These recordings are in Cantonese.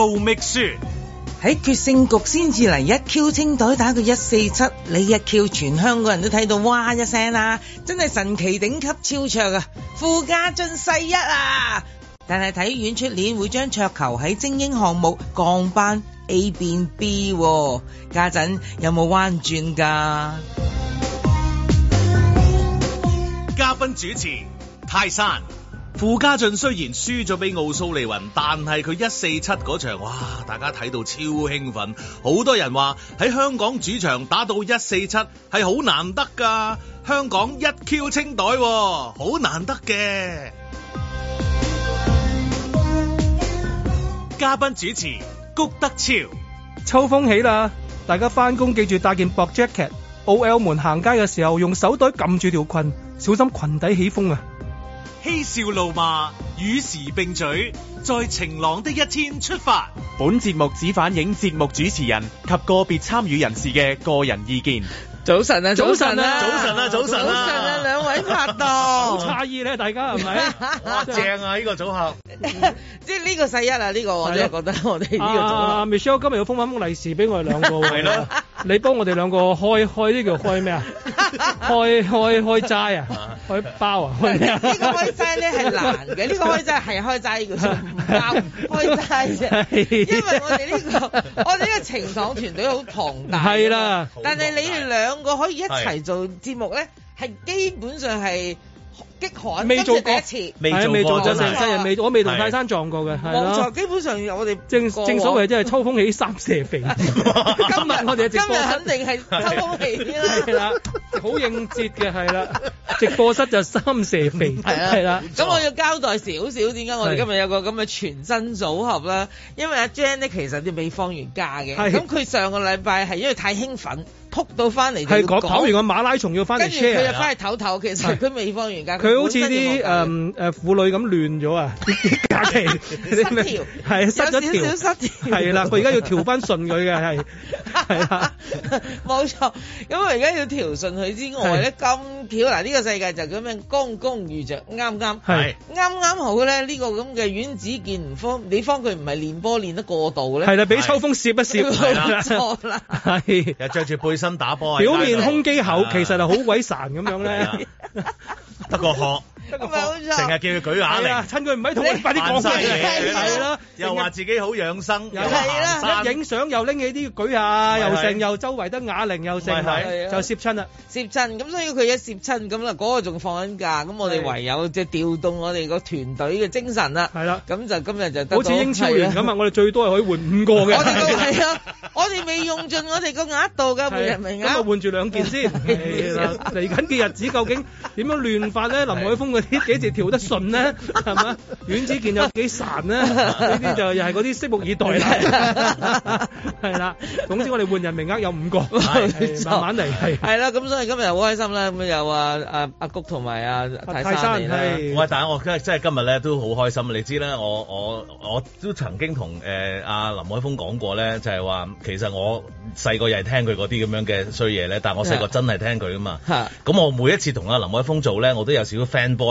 高蜜雪喺決勝局先至嚟一 Q 清袋打佢一四七，你一 Q 全香港人都睇到哇一聲啦、啊，真係神奇頂級超卓啊！傅家俊世一啊，但係睇院出年會將桌球喺精英項目降班 A 變 B，家、啊、陣有冇彎轉噶？嘉賓主持泰山。傅家俊雖然輸咗俾奧蘇利雲，但係佢一四七嗰場，哇！大家睇到超興奮，好多人話喺香港主場打到一四七係好難得噶，香港一 Q 清袋，哦，好難得嘅。 嘉賓主持谷德超，秋風起啦，大家翻工記住帶件薄 jacket，OL 們行街嘅時候用手袋撳住條裙，小心裙底起風啊！嬉笑怒罵與時並舉，在晴朗的一天出發。本節目只反映節目主持人及個別參與人士嘅個人意見。早晨啊！早晨啊！早晨啊！早晨啊！早晨啊！兩位拍檔，好詫異咧，大家係咪？正啊！呢個組合，即係呢個世一啊！呢個我真係覺得我哋呢個組。Michelle 今日要封翻封利是俾我哋兩個喎。係啦。你幫我哋兩個開開呢個開咩啊？開開開齋啊？開包啊？開呢個開齋咧係難嘅，呢個開齋係開齋叫開齋啫。因為我哋呢個我哋呢個晴朗團隊好龐大。係啦。但係你哋兩。我可以一齊做節目咧，係基本上係激寒，未做過一次，未做，真係真係未，我未同泰山撞過嘅。冇錯，基本上我哋正正所謂即係秋風起，三蛇肥。今日我哋今日肯定係秋風起啦，好應節嘅係啦。直播室就三蛇肥係啦。咁我要交代少少，點解我哋今日有個咁嘅全新組合啦，因為阿 Jane 咧，其實啲未放完假嘅，咁佢上個禮拜係因為太興奮。撲到翻嚟，係講跑完個馬拉松要翻嚟 share 啊！跟住佢又翻去唞唞，其實佢未放完假。佢好似啲誒誒婦女咁亂咗啊！假期失調，係啊，失咗少少失調。係啦，佢而家要調翻順佢嘅係，係啦，冇錯。咁啊，而家要調順佢之外咧，咁巧嗱，呢個世界就咁樣。公公遇着啱啱係，啱啱好咧，呢個咁嘅院子見唔方，你方佢唔係練波練得過度咧？係啦，俾秋風攝一攝錯啦，係又着住背身打波啊！表面胸肌厚， 其實就好鬼孱咁樣咧。得個殼。冇錯，成日叫佢舉下啞鈴，趁佢唔喺度，你快啲講晒佢。係咯，又話自己好養生，係啦，一影相又拎起啲舉下，又剩，又周圍得啞鈴又剩，就攝親啦，攝親，咁所以佢一攝親咁啦，嗰個仲放緊假，咁我哋唯有即係調動我哋個團隊嘅精神啦，係啦，咁就今日就得好似英超聯咁啊，我哋最多係可以換五個嘅，係啊，我哋未用盡我哋個額度噶，名人名額，咁我換住兩件先，嚟緊嘅日子究竟點樣亂發咧？林海峯嘅。啲幾 時調得順呢？係嘛？阮子健又幾神呢？呢啲 就又係嗰啲拭目以待啦。係啦，總之我哋換人名額有五個， 的慢慢嚟係。係啦，咁所以今日又好開心啦。咁又啊啊阿谷同埋阿泰山，我係第一，但我真係今日咧都好開心。你知咧，我我我都曾經同誒阿林海峰講過咧，就係、是、話其實我細個又係聽佢嗰啲咁樣嘅衰嘢咧，但我細個真係聽佢噶嘛。咁的，的我每一次同阿林海峰做咧，我都有少少 fanboy。開咁樣嘅，咁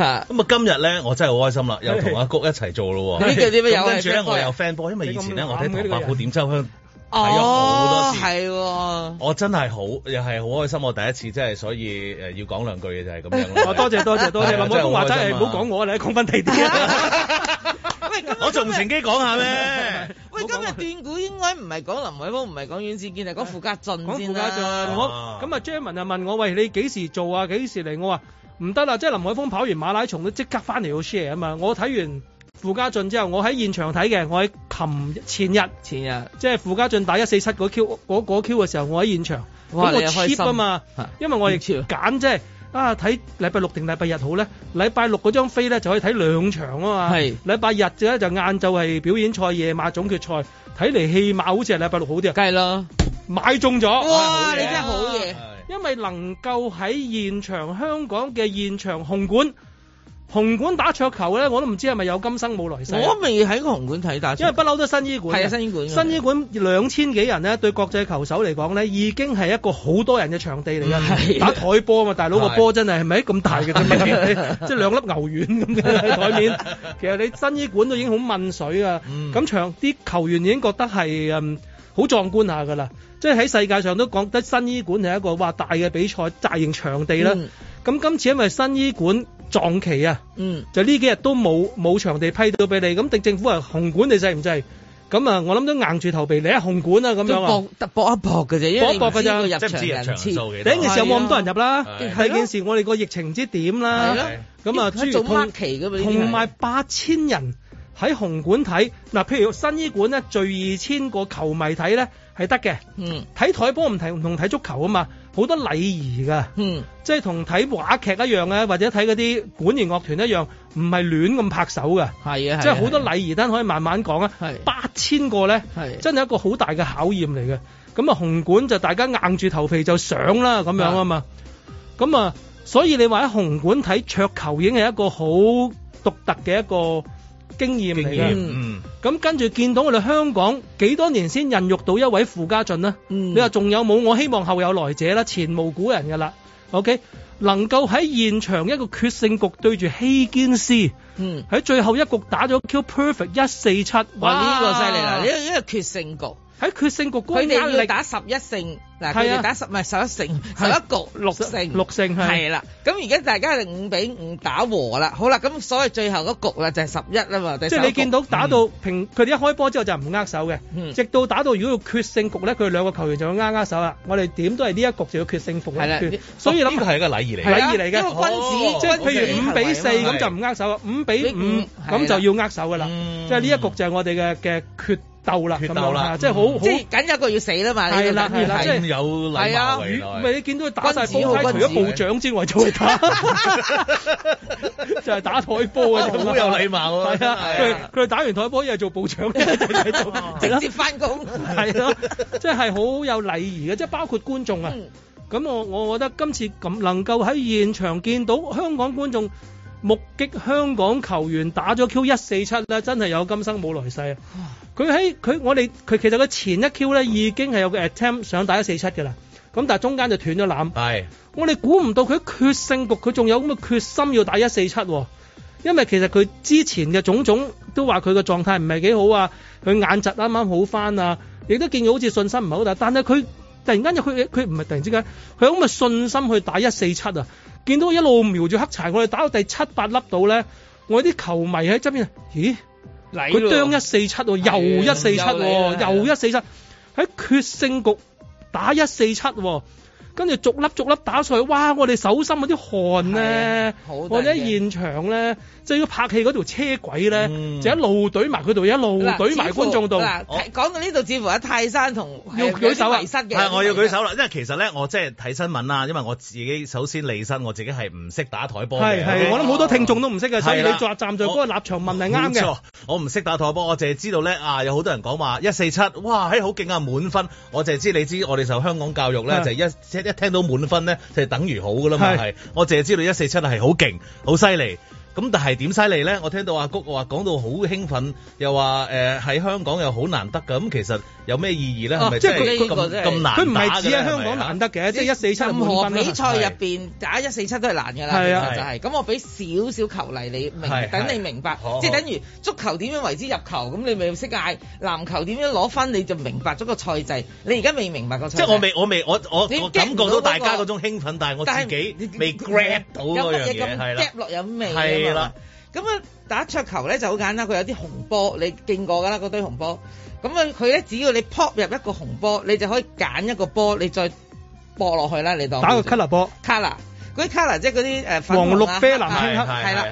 啊今日咧，我真係好開心啦，又同阿谷一齊做咯。呢跟住咧，我又 friend 波，因為以前咧，我睇唐伯虎點秋香係好多次，係喎。我真係好，又係好開心。我第一次，真係所以誒，要講兩句嘅就係咁樣。多謝多謝多謝林偉峰華仔，唔好講我，你講翻第二啲啊。喂，我仲唔乘機講下咩？喂，今日斷估應該唔係講林偉峰，唔係講袁志健，係講傅家俊。傅家俊，咁啊 Jammin 問我喂，你幾時做啊？幾時嚟？我話。唔得啦！即係林海峰跑完馬拉松都即刻翻嚟去 share 啊嘛！我睇完傅家俊之後，我喺現場睇嘅。我喺琴前日前日，即係傅家俊打一四七嗰 Q 嗰 Q 嘅時候，我喺現場。哇嗯、我係你開心啊。因為我亦揀即係啊，睇禮拜六定禮拜日好咧。禮拜六嗰張飛咧就可以睇兩場啊嘛。係是。禮拜日就晏晝係表演賽，夜晚總決賽。睇嚟戲碼好似係禮拜六好啲啊。梗係啦，買中咗。哇！你真係好嘢。因為能夠喺現場香港嘅現場紅館紅館打桌球咧，我都唔知係咪有今生冇來世。我未喺個紅館睇打，因為不嬲都係新伊館。係啊，新伊館。新伊館兩千幾人咧，對國際球手嚟講咧，已經係一個好多人嘅場地嚟嘅。是打台波啊嘛，大佬是個波真係係咪咁大嘅啫？即係兩粒牛丸咁嘅台面。其實你新伊館都已經好悶水啊，咁場啲球員已經覺得係嗯。好壯觀下噶啦，即係喺世界上都講得新醫館係一個話大嘅比賽、大型場地啦。咁今次因為新醫館撞期啊，嗯，就呢幾日都冇冇場地批到俾你，咁定政府話紅館你制唔制？咁啊，我諗都硬住頭皮你喺紅館啊咁樣搏搏一搏嘅啫，因為唔知道入場人次。頂嘅時候冇咁多人入啦，係件事我哋個疫情唔知點啦。咁啊，同同埋八千人。喺紅館睇嗱，譬如新伊館咧，聚二千個球迷睇咧係得嘅。嗯，睇台波唔同，唔同睇足球啊嘛，好多禮儀噶。嗯，即係同睇話劇一樣啊，或者睇嗰啲管弦樂團一樣，唔係亂咁拍手噶。係啊，即係好多禮儀，等可以慢慢講啊。係八千個咧，係真係一個好大嘅考驗嚟嘅。咁啊，紅館就大家硬住頭皮就上啦，咁樣啊嘛。咁啊的，所以你話喺紅館睇桌球，已經係一個好獨特嘅一個經驗嚟嘅，咁、嗯、跟住見到我哋香港幾多年先孕育到一位傅家俊咧？嗯、你話仲有冇？我希望後有來者啦，前無古人㗎啦。OK，能夠喺現場一個決勝局對住希堅斯，喺、嗯、最後一局打咗 Q Perfect 一四七，哇！呢、這個犀利啦，呢、這、呢個決勝局。喺決勝局，佢哋要打十一勝，嗱，佢哋打十咪十一勝，十一局六勝，六勝係啦。咁而家大家係五比五打和啦，好啦，咁所以最後嗰局咧就係十一啦嘛。即係你見到打到平，佢哋一開波之後就唔握手嘅，直到打到如果要決勝局咧，佢哋兩個球員就要握握手啦。我哋點都係呢一局就要決勝負嚟決，所以諗佢係一個禮儀嚟，禮儀嚟嘅。一個君子，即係譬如五比四咁就唔握手，五比五咁就要握手噶啦。即係呢一局就係我哋嘅嘅決。鬥啦，決鬥啦，即係好好，即係緊一個要死啦嘛！係啦係啦，即係有禮貌。係啊，咪你見到佢打曬波，佢除咗報獎之外，仲要打，就係打枱波嘅，好有禮貌。係啊，佢佢打完枱波，一係做報獎，一係做直接返工，係咯，即係好有禮儀嘅，即係包括觀眾啊。咁我我覺得今次咁能夠喺現場見到香港觀眾。目擊香港球員打咗 Q 一四七咧，真係有今生冇來世啊！佢喺佢我哋佢其實佢前一 Q 咧已經係有個 attempt 想打一四七嘅啦，咁但係中間就斷咗纜。係是我哋估唔到佢決勝局佢仲有咁嘅決心要打一四七，因為其實佢之前嘅種種都話佢嘅狀態唔係幾好啊，佢眼疾啱啱好返啊，亦都見佢好似信心唔係好大，但但係佢。突然間就佢佢唔係突然之間，佢咁嘅信心去打一四七啊！見到一路瞄住黑柴，我哋打到第七八粒到咧，我啲球迷喺側邊啊，咦？佢釘一四七喎，又一四七喎，又一四七喺決勝局打一四七喎。跟住逐粒逐粒打碎，哇！我哋手心嗰啲汗咧，啊、或者現場咧，即係要拍戲嗰條車軌咧，嗯、就一路懟埋佢度，一路懟埋觀眾度。嗱，講到呢度，似乎喺我泰山同我要舉手啊！係，我要舉手啦，因為其實咧，我即係睇新聞啦，因為我自己首先離身，我自己係唔識打台波係，係，是是的我諗好多聽眾都唔識嘅，啊、所以你作站在嗰個立場問係啱嘅。冇錯，我唔識打台波，我淨係知道咧啊！有好多人講話一四七，哇，嘿、欸，好勁啊，滿分。我淨係知你知，我哋受香港教育咧的就一。一聽到滿分咧，就等於好噶啦嘛，係是我淨係知道一四七係好勁、好犀利。咁但係點犀利咧？我聽到阿谷話講到好興奮，又話誒喺香港又好難得㗎。咁其實有咩意義咧？係咪即係咁難？佢唔係只喺香港難得嘅，即係一四七，任何比賽入邊打一四七都係難㗎啦。係啊，就係。咁我俾少少球例你明，等你明白。即係等於足球點樣為之入球，咁你咪識嗌。籃球點樣攞返你就明白咗個賽制。你而家未明白個賽制。即係我未，我未，我我我感覺到大家嗰種興奮，但係我自己未 grab 到嗰樣嘢係啦。係。啦，咁啊、 嗯、打桌球咧就好簡單，佢有啲紅波，你見過噶啦嗰堆紅波，咁啊佢咧只要你撲入一個紅波，你就可以揀一個波，你再搏落去啦，你當打個 color 波 color 嗰啲 color 即係嗰啲誒黃綠啡藍青黑，係啦，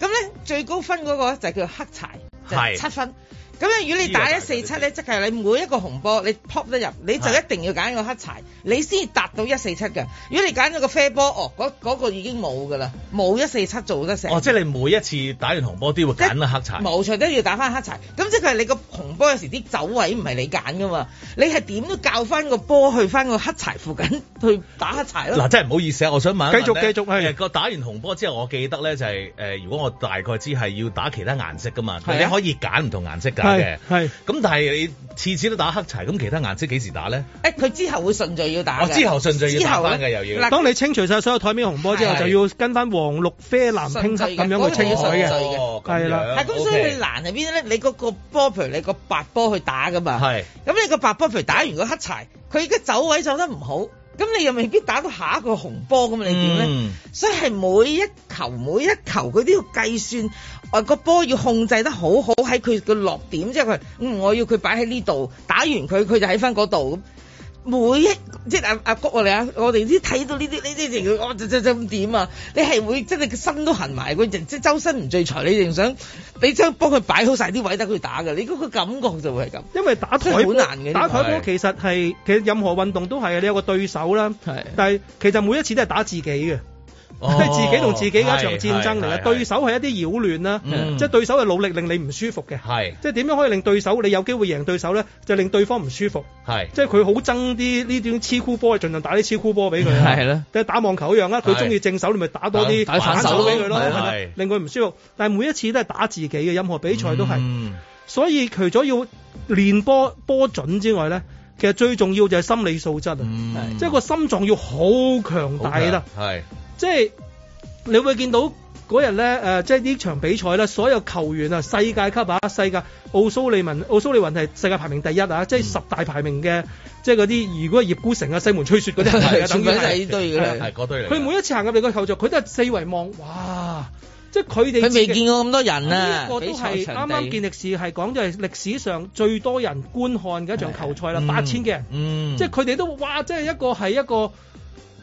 咁咧最高分嗰個就係叫黑柴，就係、是、七分。咁樣，如果你打一四七咧，即係你每一個紅波你撲得入，你就一定要揀個黑柴，你先達到一四七嘅。如果你揀咗個啡波，哦，嗰、嗰個已經冇㗎啦，冇一四七做得成。哦，即係你每一次打完紅波都會揀個黑柴。冇錯，都要打翻黑柴。咁即係你個紅波有時啲走位唔係你揀㗎嘛，你係點都教翻個波去翻個黑柴附近去打黑柴咯。嗱、啊，真係唔好意思，我想問。繼續繼續啊！是是打完紅波之後，我記得咧就係、是、誒、呃，如果我大概知係要打其他顏色㗎嘛，啊、你可以揀唔同顏色㗎。係，咁、okay. 但係你次次都打黑柴，咁其他顏色幾時打咧？誒、欸，佢之後會順序要打、哦。之後順序要打又要。嗱，當你清除晒所有台面紅波之後，就要跟翻黃、綠、啡、藍拼黑咁樣去清水。嘅、哦。哦，係啦。係咁，okay. 所以你難喺邊咧？你嗰個波，譬如你個白波去打噶嘛？係。咁你個白波譬如打完個黑柴，佢而家走位走得唔好。咁你又未必打到下一個紅波咁啊。你點咧？嗯、所以係每一球每一球，佢都要計算，啊、嗰個波要控制得好好喺佢個落點，即係佢，嗯，我要佢擺喺呢度，打完佢，佢就喺翻嗰度。每一即係阿阿谷我哋啊，我哋啲睇到呢啲呢啲情形，我就就就咁點啊，你係會即你個心都痕埋，個即係周身唔聚財，你淨想你將幫佢擺好晒啲位得佢打嘅，你嗰個感覺就會係咁。因為打台波好難嘅，打台波其實係其實任何運動都係你有個對手啦。係的，但係其實每一次都係打自己嘅。即係自己同自己嘅一場戰爭嚟嘅，對手係一啲擾亂啦，即係對手係努力令你唔舒服嘅，即係點樣可以令對手你有機會贏對手咧？就令對方唔舒服，即係佢好憎啲呢啲黐箍波，盡量打啲黐箍波俾佢。係咯，即係打網球一樣啦，佢中意正手，你咪打多啲反手俾佢咯，令佢唔舒服。但係每一次都係打自己嘅，任何比賽都係。所以除咗要練波波準之外咧，其實最重要就係心理素質啊，即係個心臟要好強大啦。係。即係你會見到嗰日咧，誒、呃，即係呢場比賽咧，所有球員啊，世界級啊，世界奧蘇利文，奧蘇利文係世界排名第一啊，即係十大排名嘅，嗯、即係嗰啲，如果葉孤城啊、西門吹雪嗰啲，嗯、等於呢堆嘅啦，係堆佢每一次行入嚟個球場，佢都係四圍望，哇！即係佢哋，佢未見過咁多人啊！呢個都係啱啱見歷史係講，就係歷史上最多人觀看嘅一場球賽啦，八千嘅。即係佢哋都哇！即係一個係一個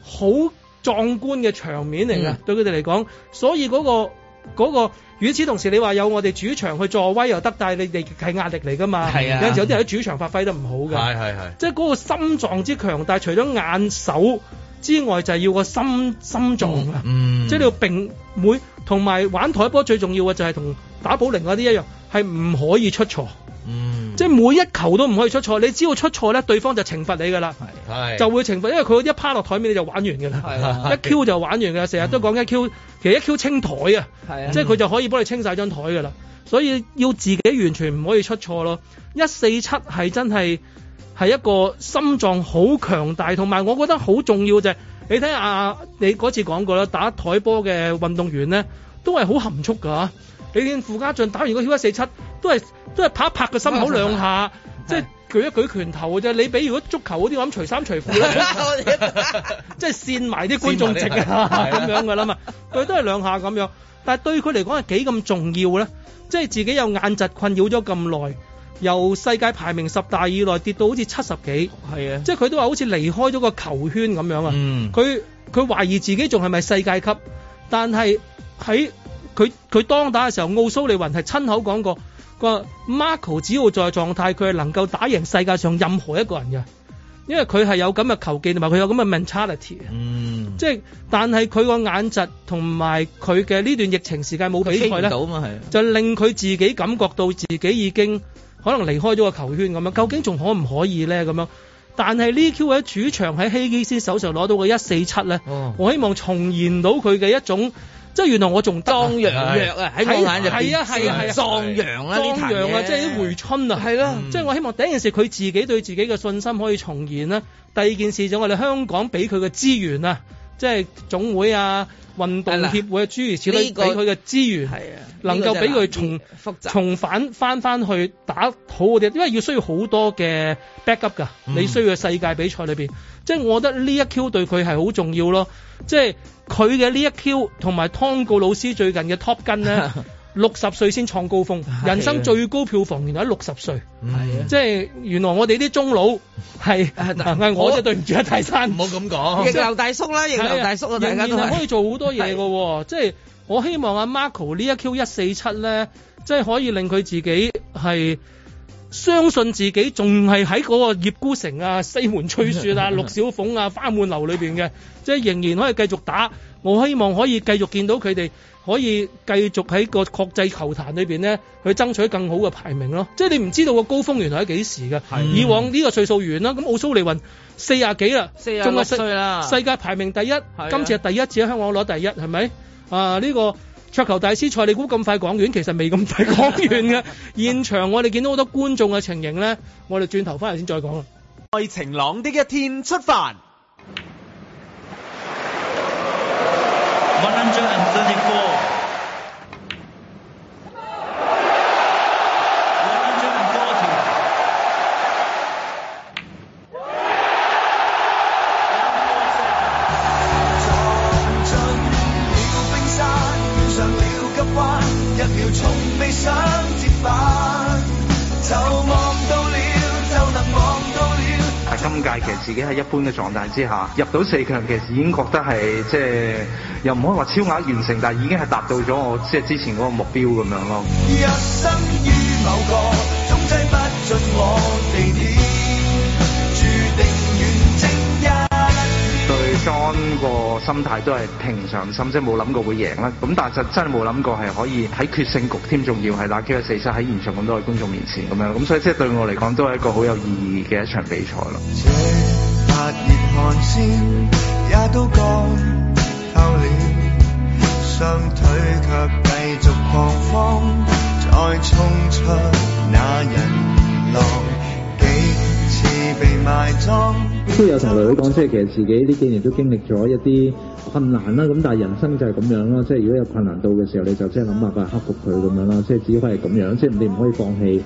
好壯觀嘅場面嚟嘅，嗯、對佢哋嚟講，所以嗰個嗰個與此同時，你話有我哋主場去助威又得，但係你哋係壓力嚟噶嘛？係啊，有啲人喺主場發揮得唔好嘅，係係係，即係嗰個心臟之強大，除咗眼手之外，就係要個心心臟啊，嗯，即係你并會同埋玩台波最重要嘅就係同打保齡嗰啲一樣，係唔可以出錯，嗯。即係每一球都唔可以出錯，你只要出錯咧，對方就懲罰你㗎啦。係是，就會懲罰，因為佢一趴落台面你就玩完㗎啦。係、啊、一 Q 就玩完㗎，成日都講一 Q、嗯、其實一 Q 清台啊，即係佢就可以幫你清晒張台㗎啦。所以要自己完全唔可以出錯咯。一四七係真係係一個心臟好強大，同埋我覺得好重要就係、是。你睇吓、啊、你嗰次講過啦，打台波嘅運動員咧都係好含蓄㗎、啊。你見傅家俊打完個曉一四七，都係都係拍拍個心口兩下，啊、即係舉一舉拳頭嘅啫。的你俾如果足球嗰啲咁除衫除褲咧，隨隨即係扇埋啲觀眾席咁樣嘅啦嘛。佢都係兩下咁樣，但係對佢嚟講係幾咁重要咧？即係自己有眼疾困擾咗咁耐，由世界排名十大以內跌到好似七十幾，係啊的，即係佢都話好似離開咗個球圈咁樣啊。佢佢、嗯、懷疑自己仲係咪世界級，但係喺佢佢當打嘅時候，奧蘇利雲係親口講過，個 Marco 只要在狀態，佢係能夠打贏世界上任何一個人嘅，因為佢係有咁嘅球技同埋佢有咁嘅 mentality，嗯，即係但係佢個眼疾同埋佢嘅呢段疫情時間冇比賽咧，到嘛就令佢自己感覺到自己已經可能離開咗個球圈咁樣，究竟仲可唔可以咧咁樣？但係呢 Q 喺主場喺希基斯手上攞到個一四七咧，哦、我希望重現到佢嘅一種。即係原來我仲壯陽啊，喺眼入邊，係啊係啊壯陽啊壯陽啊，即係啲回春啊係咯。即係我希望第一件事佢自己對自己嘅信心可以重燃啦。第二件事就我哋香港俾佢嘅資源啊，即係總會啊、運動協會啊諸如此類，俾佢嘅資源，能夠俾佢重複、重返翻翻去打好嗰啲，因為要需要好多嘅 back up 噶。你需要嘅世界比賽裏邊，即係我覺得呢一 Q 對佢係好重要咯。即係。佢嘅呢一 Q 同埋湯告老師最近嘅 Top Gun 咧，六十歲先創高峰，的人生最高票房原來喺六十歲，的即係原來我哋啲中老係，嗱、 哎啊，我就對唔住阿大生，唔好咁講。逆 流大叔啦，逆流大叔啊， 可以做好多嘢嘅，是的 即係我希望阿 Marco 呢一 Q 一四七咧，即係可以令佢自己係。相信自己仲係喺嗰個葉孤城啊、西門吹雪啊、陸 小鳳啊、花滿樓裏邊嘅，即係仍然可以繼續打。我希望可以繼續見到佢哋可以繼續喺個國際球壇裏邊咧去爭取更好嘅排名咯。即係你唔知道個高峰原來喺幾時嘅。的以往呢個歲數完啦，咁奧蘇利雲四十幾啦，中一歲啦，世界排名第一，今次係第一次喺香港攞第一，係咪？啊呢、呢個。桌球大師賽利估咁快講完，其實未咁快講完嘅。 現場我哋見到好多觀眾嘅情形咧，我哋轉頭返嚟先再講啦。在晴朗的一天出發。 自己喺一般嘅狀態之下，入到四強其實已經覺得係即係又唔可以話超額完成，但係已經係達到咗我即係之前嗰個目標咁樣咯。一生於某個，總擠不進我地點，註定遠征一。對莊個心態都係平常心，即係冇諗過會贏啦。咁但係就真係冇諗過係可以喺決勝局添，仲要係打個147喺現場咁多位觀眾面前咁樣，咁所以即係對我嚟講都係一個好有意義嘅一場比賽咯。先， 寒也都透了。雙腿卻繼續狂再衝出。那人浪幾次被埋葬，今日有同女女講，即係其實自己呢幾年都經歷咗一啲困難啦，咁但係人生就係咁樣啦。即係如果有困難到嘅時候，你就即係諗辦法克服佢咁樣啦。即係只可以係咁樣，即係你唔可以放棄。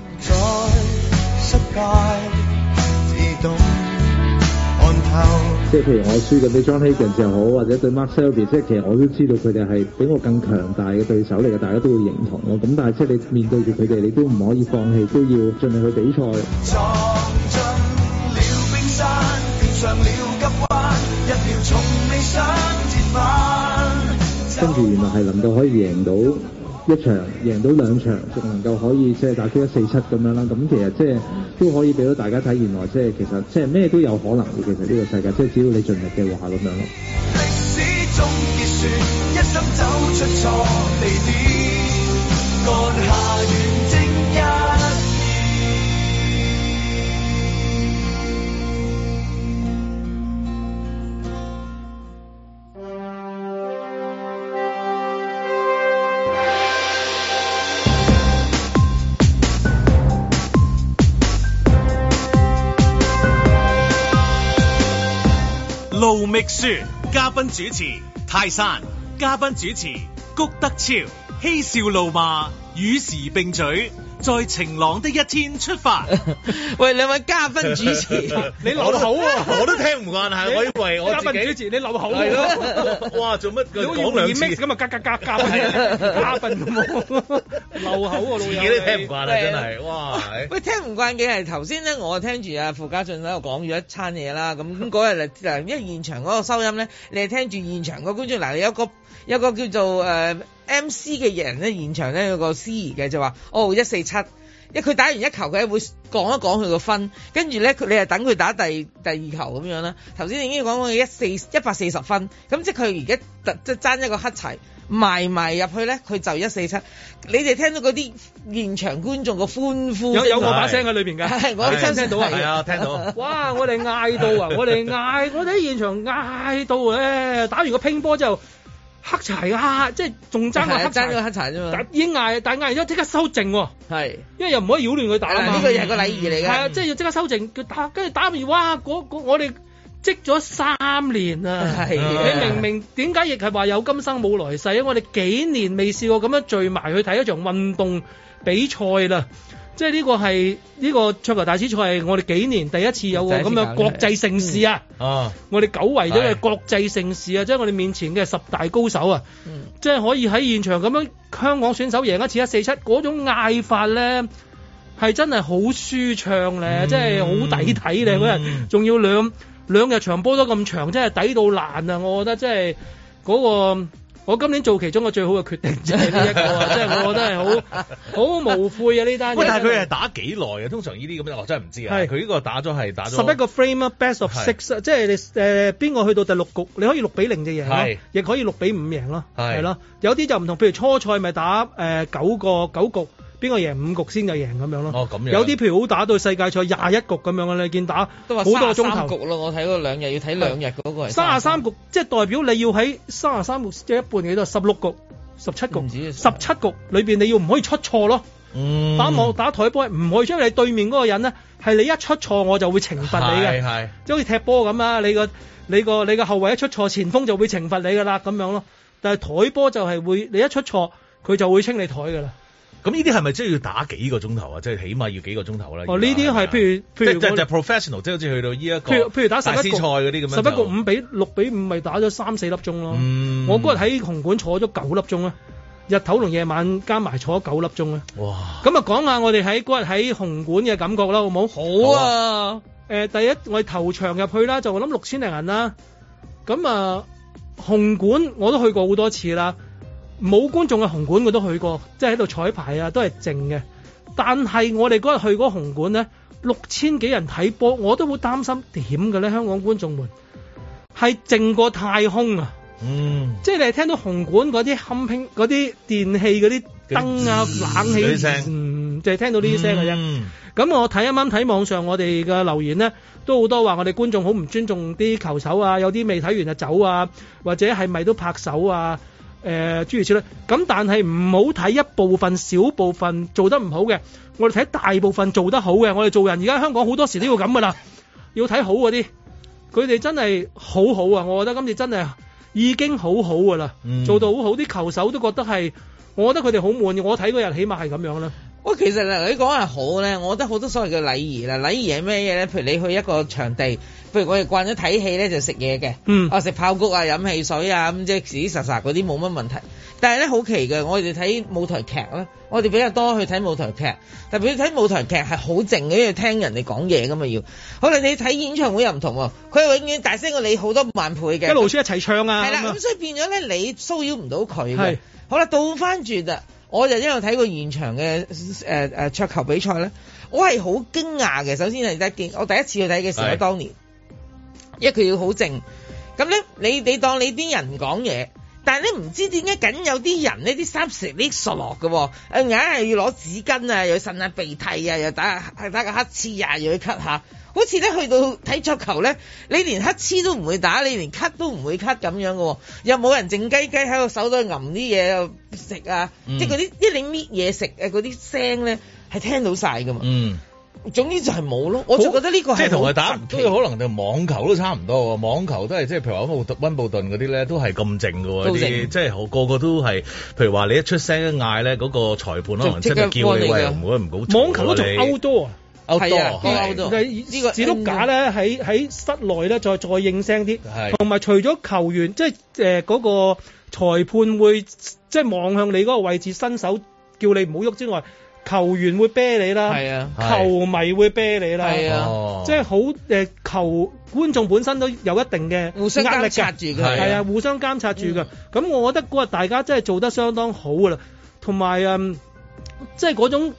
即係譬如我輸緊俾 John Higgins 又好，或者對 Mark Selby，即係其實我都知道佢哋係比我更強大嘅對手嚟嘅，大家都會認同我。咁但係即係你面對住佢哋，你都唔可以放棄，都要盡力去比賽。跟住原來係能夠可以贏到。一場贏到兩場，仲能夠可以即係打到一四七咁樣啦。咁其實即係都可以俾到大家睇，原來即係其實即係咩都有可能。其實呢個世界，即係只要你盡力嘅話咁樣囉。秘書，嘉賓主持泰山，嘉賓主持谷德超，嬉笑怒罵與時並舉。在晴朗的一天出發。 喂，兩位嘉賓主持， 你漏口啊，我都聽唔慣嚇。 你我以為我嘉賓主持，你漏口係咯。哇，做乜講兩次咁啊？加加加加，嘉賓嘉賓都冇漏口啊！老友，自己都聽唔慣啊，真係哇！喂，聽唔慣嘅係頭先咧，我聽住啊傅家俊喺度講咗一餐嘢啦。咁咁嗰日啊，因為現場嗰個收音咧，你係聽住現場嗰觀眾嗱，有個。有一個叫做誒、呃、MC 嘅人咧，現場咧有個司儀嘅就話：哦，一四七，因為佢打完一球，佢會講一講佢個分，跟住咧佢你係等佢打第第二球咁樣啦。頭先已經講過佢一四一百四十分，咁、嗯、即係佢而家即係爭一個黑柴埋埋入去咧，佢就一四七。你哋聽到嗰啲現場觀眾嘅歡呼有，有有冇把聲喺裏邊㗎？我真聽到係啊，聽到。聽到 哇！我哋嗌到啊，我哋嗌，我哋喺現場嗌到咧，打完個乒波之後。黑柴啊！即係仲爭個黑柴啫嘛，黑柴而已經嗌，但係嗌完之後即刻收靜係，的因為又唔可以擾亂佢打嘛。呢個又係個禮儀嚟嘅。係啊、嗯，即係要即刻收靜。佢打，跟住打完哇！嗰、那個、我哋積咗三年啊！的你明明點解亦係話有今生冇來世啊？我哋幾年未試過咁樣聚埋去睇一場運動比賽啦。即係呢個係呢、呢個桌球大師賽，我哋幾年第一次有個咁嘅國際盛事啊！我哋久違咗嘅國際盛事啊！即係、嗯啊、我哋、啊、是面前嘅十大高手啊！嗯、即係可以喺現場咁樣，香港選手贏一次一四七嗰種嗌法咧，係真係好舒暢咧、啊，嗯、即係好抵睇咧嗰日，仲、嗯嗯、要兩兩日場波都咁長，真係抵到爛啊！我覺得真係嗰、嗰個。我今年做其中嘅最好嘅決定就係呢一個啊，即係我覺得係好好無悔啊呢單。喂，但係佢係打幾耐啊？通常呢啲咁樣，我真係唔知啊。係佢呢個打咗係打咗十一個 frame 啦，best of six 啊是，即係你誒邊個去到第六局，你可以六比零嘅贏咯，亦是可以六比五贏咯，係咯是。是有啲就唔同，譬如初賽咪打誒、呃、九個九局。邊個贏五局先就贏咁樣咯？哦，咁樣有啲譬如好打到世界賽廿一局咁樣嘅，你見打都話好多鐘頭。卅三局咯，我睇過兩日要睇兩日嗰個卅三,三局，即係代表你要喺卅三局即係一半幾多，佢都係十六局、十七局、十七局裏邊你要唔可以出錯咯。嗯，打網打台波唔可以，因為你對面嗰個人呢係你一出錯，我就會懲罰你嘅。係係，即係好似踢波咁啊！你個你個你個後衛一出錯，前鋒就會懲罰你噶啦咁樣咯。但係台波就係會你一出錯，佢就會清你台噶啦。咁呢啲係咪即係要打幾個鐘頭啊？即係起碼要幾個鐘頭啦！哦，呢啲係譬如即係即係 professional，即係好似去到依一個。譬如譬如打十一個，十一個五比六比五，咪打咗三四粒鐘咯。嗯、我嗰日喺紅館坐咗九粒鐘啊，日頭同夜晚加埋坐咗九粒鐘啊。哇！咁啊，講下我哋喺嗰日喺紅館嘅感覺啦，好冇？好啊！誒、啊呃，第一我哋投場入去啦，就我諗六千零銀啦。咁啊，紅館我都去過好多次啦。冇觀眾嘅紅館我都去過，即係喺度彩排啊，都係靜嘅。但係我哋嗰日去嗰個紅館咧，六千幾人睇波，我都好擔心點嘅咧？香港觀眾們係靜過太空啊！嗯，即係你係聽到紅館嗰啲冚唪唥嗰啲電器嗰啲燈啊冷氣聲，呃、聲嗯，就係聽到呢啲聲嘅啫。咁、嗯、我睇啱啱睇網上我哋嘅留言咧，都好多話我哋觀眾好唔尊重啲球手啊，有啲未睇完就走啊，或者係咪都拍手啊？誒諸如此類咧，咁但係唔好睇一部分小部分做得唔好嘅，我哋睇大部分做得好嘅。我哋做人而家香港好多時都要咁噶啦，要睇好嗰啲，佢哋真係好好啊！我覺得今次真係已經好好噶啦，嗯、做到好好啲球手都覺得係，我覺得佢哋好悶。我睇嗰日起碼係咁樣啦。我其實嗱，你講係好咧，我覺得好多所謂嘅禮儀啦，禮儀係咩嘢咧？譬如你去一個場地，譬如我哋慣咗睇戲咧，就食嘢嘅，啊食、嗯哦、爆谷啊，飲汽水啊，咁即係斯斯實實嗰啲冇乜問題。但係咧好奇嘅，我哋睇舞台劇咧，我哋比較多去睇舞台劇，特別睇舞台劇係好靜嘅，因為聽人哋講嘢㗎嘛要、嗯。好啦，你睇演唱會又唔同喎、啊，佢永遠大聲過你好多萬倍嘅。一攞出一齊唱啊！係樣啦，咁所以變咗咧，你騷擾唔是到佢嘅。好啦，倒翻轉啦。我就因為睇過現場嘅誒誒桌球比賽咧，我係好驚訝嘅。首先係第一件，我第一次去睇嘅時候，的當年，因為佢要好靜。咁咧，你你當你啲人講嘢。但係咧，唔知點解，梗有啲人呢啲濕食搦落落嘅，誒硬係要攞紙巾啊，又要擤下鼻涕啊，又打係打個乞嗤啊，又要咳下。好似咧去到睇桌球咧，你連乞嗤都唔會打，你連咳都唔會咳咁樣嘅、啊，又冇人靜雞雞喺個手度揞啲嘢食啊，嗯、即係嗰啲一你搣嘢食誒嗰啲聲咧係聽到晒噶嘛。嗯總之就係冇咯，我就覺得呢個即係同佢打，都可能就網球都差唔多，網球都係即係譬如話温布頓嗰啲咧，都係咁靜嘅啲，即係個個都係，譬如話你一出聲一嗌咧，嗰個裁判可能真係叫你，唔好唔好，網球都仲 outdoor，啊，outdoor，係啊，係，呢個只碌架咧喺喺室內咧，再再應聲啲，同埋除咗球員，即係誒嗰個裁判會即係望向你嗰個位置伸手叫你唔好喐之外。球員會啤你啦，係啊，球迷會啤你啦，係啊，即係好誒，球觀眾本身都有一定嘅壓力夾住嘅，係啊,啊，互相監察住嘅。咁、啊嗯、我覺得嗰日大家真係做得相當好噶啦，同埋誒，即係嗰種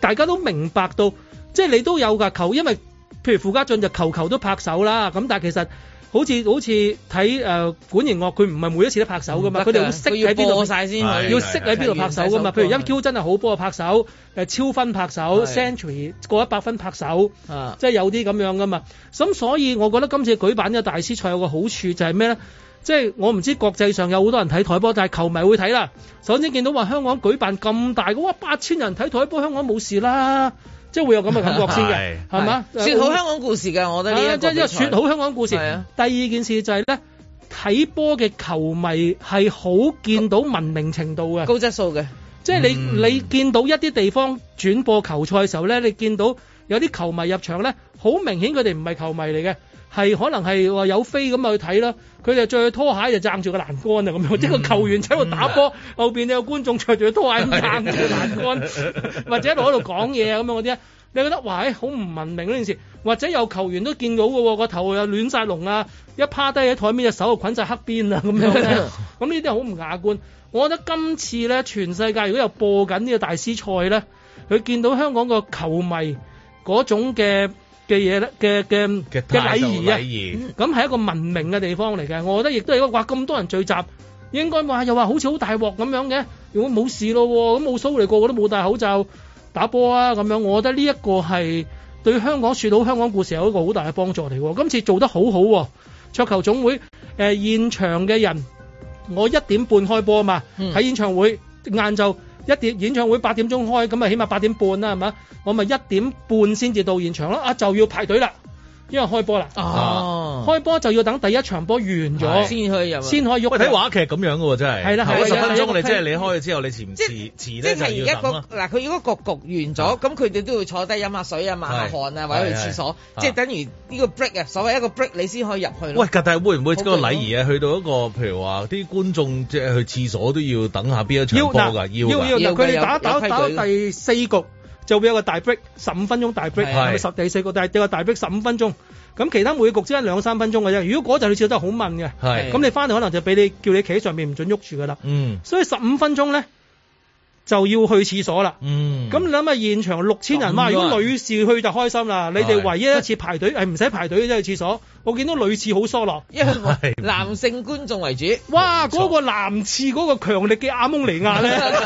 大家都明白到，即係你都有噶球，因為譬如傅家俊就球球都拍手啦，咁但係其實。好似好似睇誒管弦樂，佢唔係每一次都拍手噶嘛，佢哋要識喺邊度先？要識喺邊度拍手噶嘛。譬如一 Q 真係好波嘅拍手，誒超分拍手，對，Century 過一百分拍手，啊，即係有啲咁樣噶嘛。咁所以我覺得今次舉辦呢個大師賽有個好處就係咩咧？即係我唔知國際上有好多人睇台波，但係球迷會睇啦。首先見到話香港舉辦咁大嘅，哇八千人睇台波，香港冇事啦。即係會有咁嘅感覺先嘅，係嘛？説好香港故事嘅，我覺得呢一即係説好香港故事。的第二件事就係、是、咧，睇波嘅球迷係好見到文明程度嘅，高質素嘅。即係你、嗯、你見到一啲地方轉播球賽嘅時候咧，你見到有啲球迷入場咧，好明顯佢哋唔係球迷嚟嘅。係可能係話有飛咁啊去睇咯，佢就着拖鞋就站住個欄杆啊咁樣，即係個球員喺度打波，嗯、後邊有觀眾着住拖鞋咁站住個欄杆，嗯、 或者一路喺度講嘢啊咁樣嗰啲咧，你覺得哇，欸、好唔文明呢件事，或者有球員都見到嘅喎，個頭又亂晒龍啊，一趴低喺台面，隻手又捆晒黑邊啊咁樣咧，咁呢啲好唔雅觀。我覺得今次咧，全世界如果有播緊呢個大師賽咧，佢見到香港個球迷嗰種嘅。嘅嘢咧，嘅嘅嘅禮儀啊，咁係、嗯、一個文明嘅地方嚟嘅。 我覺得亦都係一個哇，咁多人聚集，應該話又話好似好大鑊咁樣嘅。如果冇事咯，咁冇所謂，個個都冇戴口罩打波啊咁樣。我覺得呢一個係對香港説好香港故事有一個好大嘅幫助嚟。今次做得好好、啊，桌球總會誒、呃、現場嘅人，我一點半開波啊嘛，喺演唱會晏晝。一點演唱會八點鐘開，咁啊起碼八點半啦，係嘛？我咪一點半先至到現場咯，啊就要排隊啦。因為開波啦，哦，開波就要等第一場波完咗先去入，先可以喐。喂，睇話劇咁樣嘅喎，真係。係啦，開十分鐘，你即係你開咗之後，你遲唔遲遲咧要等啊。嗱，佢如果局局完咗，咁佢哋都要坐低飲下水啊、抹下汗啊，或者去廁所，即係等於呢個 break 啊。所謂一個 break，你先可以入去。喂，但係會唔會呢個禮儀啊？去到一個譬如話啲觀眾即係去廁所都要等下邊一場波㗎？要要要，佢哋打打打第四局。就會有個大 break，十五分鐘大 break，十是第四個但係個大 break，十五分鐘。咁其他每局只係兩三分鐘嘅啫。如果嗰陣去廁所都係好慢嘅，咁是你翻嚟可能就俾你叫你企喺上面唔准喐住噶啦。嗯，所以十五分鐘咧就要去廁所啦。嗯，咁你諗下現場六千人，哇！如果女士去就開心啦。你哋唯一一次排隊係唔使排隊都去廁所。我見到女廁好疏落，因為男性觀眾為主。哇錯！嗰、那個男廁嗰個強力嘅亞蒙尼亞咧。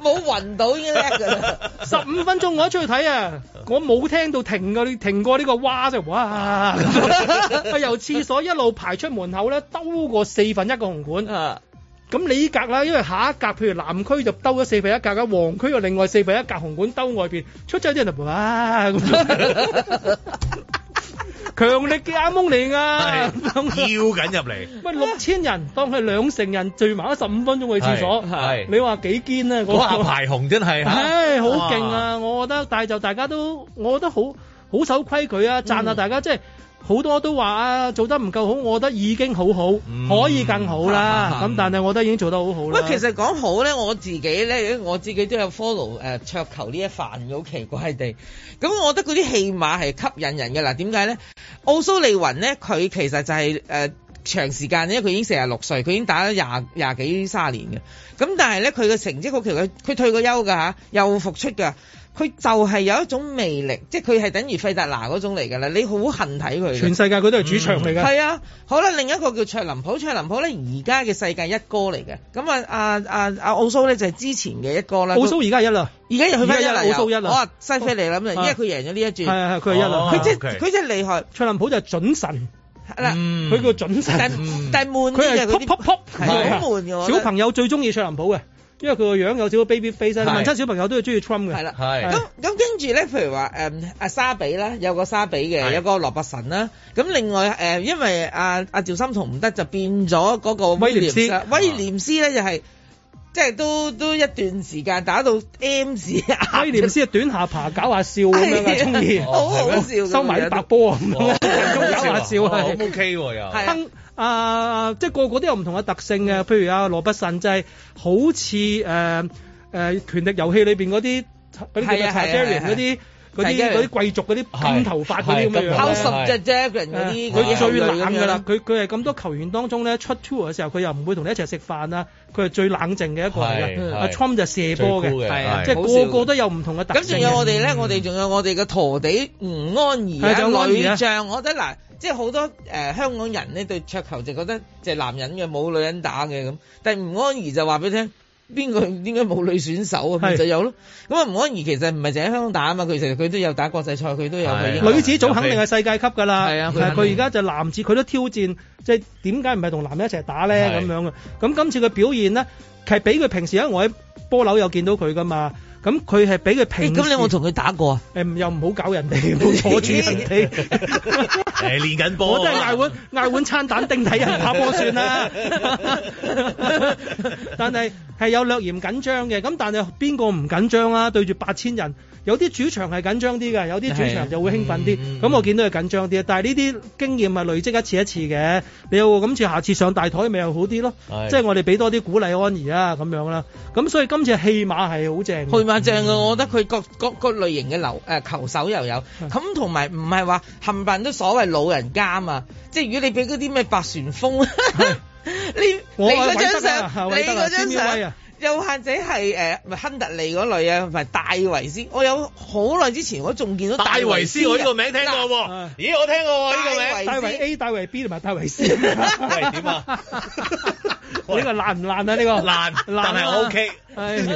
冇 暈到已經叻㗎啦！十五分鐘我一出去睇啊。我冇聽到停過你停過呢個蛙啫，哇！ 由廁所一路排出門口咧，兜過四分一個紅管啊！咁 你格啦，因為下一格譬如南區就兜咗四分一格噶，黃區又另外四分一格紅館兜外邊，出咗啲人就哇！ 強力嘅阿蒙嚟啊，跳緊入嚟，喂，六千人當佢兩成人聚埋，咗十五分鐘去廁所，係你話幾堅啊？嗰下排紅真係，唉、 哎、好勁啊！哇我覺得，但係就大家都，我覺得好好守規矩啊，讚下大家即係。嗯好多都話啊，做得唔夠好，我覺得已經好好，嗯、可以更好啦。咁、嗯、但係我覺得已經做得好好啦。喂，其實講好咧，我自己咧，我自己都有 follow 誒、呃、桌球呢一範好奇怪地。咁、嗯、我覺得嗰啲戲碼係吸引人嘅。嗱、啊，點解咧？奧蘇利雲咧，佢其實就係、是、誒、呃、長時間，因為佢已經四十六歲，佢已經打咗廿廿幾卅年嘅。咁、嗯、但係咧，佢嘅成績好奇怪，佢退過休㗎嚇、啊，又復出㗎。佢就係有一種魅力，即係佢係等於費達拿嗰種嚟㗎啦。你好恨睇佢。全世界佢都係主場嚟㗎。係啊，好啦，另一個叫卓林普，卓林普咧而家嘅世界一哥嚟嘅。咁啊啊啊啊奧蘇咧就係之前嘅一哥啦。奧蘇而家一啦，而家又去一啦。奧蘇一啦，西菲嚟啦，咁因為佢贏咗呢一轉。佢係一啦，佢即係佢真係厲害。卓林普就係準神。佢個準神。但係悶啲嘅，佢好悶㗎，我覺得。小朋友最中意卓林普嘅。因為佢個樣有少少 baby face，問親小朋友都係中意 Trump 嘅。係啦，係。咁咁跟住咧，譬如話誒阿沙比啦，有個沙比嘅，有個蘿伯神啦。咁另外誒，因為阿阿趙心同唔得，就變咗嗰個威廉斯。威廉斯咧就係即係都都一段時間打到 M 字。威廉斯啊，短下巴搞下笑咁樣中意。好好笑收埋一白波咁中意。收埋啲白波啊，中意。K 又。啊，即係個個都有唔同嘅特性嘅，譬如啊羅拔臣就係好似誒誒權力遊戲裏邊嗰啲嗰啲叫 Jalen 嗰啲嗰啲嗰啲貴族嗰啲金頭髮嗰啲咁樣，拋十隻 Jalen 嗰啲。佢最冷㗎啦，佢佢係咁多球員當中咧出 tour 嘅時候，佢又唔會同你一齊食飯啊，佢係最冷靜嘅一個嚟嘅。阿 Trump 就射波嘅，即係個個都有唔同嘅特性。咁仲有我哋咧，我哋仲有我哋嘅陀地吳安儀女將，我覺得嗱。即係好多誒、呃、香港人咧對桌球就覺得就係男人嘅，冇女人打嘅，咁，但係吳安怡就話俾你聽，邊個點解冇女選手啊？邊度是有咯？咁啊，吳安怡其實唔係淨喺香港打啊嘛，佢其實佢都有打國際賽，佢都有。女子組肯定係世界級㗎啦。係啊，佢而家就男子佢都挑戰，即係點解唔係同男人一齊打咧，咁是樣嘅。咁今次個表現呢，係比佢平時我喺波樓又見到佢㗎嘛？咁佢係俾佢平，咁、欸、你有冇同佢打過啊？誒、嗯，又唔好搞人哋，坐住等你。係練緊波，我真係嗌碗嗌碗餐蛋定睇人拍波算啦。但係係有略嫌緊張嘅，咁但係邊個唔緊張啊？對住八千人。有啲主場係緊張啲嘅，有啲主場就會興奮啲。咁、嗯、我見到佢緊張啲，但係呢啲經驗咪累積一次一次嘅。你又今次下次上大台咪又好啲咯？是的 即係我哋俾多啲鼓勵安兒啊咁樣啦。咁所以今次戲碼係好正，戲碼正啊！我覺得佢各各各類型嘅流誒、呃、球手又有，有，咁同埋唔係話冚唪唥都所謂老人家啊嘛。即係如果你俾嗰啲咩白旋風， 你的你嗰張相，你嗰張相。又或者係誒、呃，亨特利嗰類啊，唔係大維斯。我有好耐之前，我仲見到大維斯，大維斯我呢個名聽過喎。辣咦，我聽過喎呢個名。大維 A、大維 B 同埋大維斯。喂，點啊？呢 個爛唔爛啊？呢、呢個爛， 但係我 OK。 係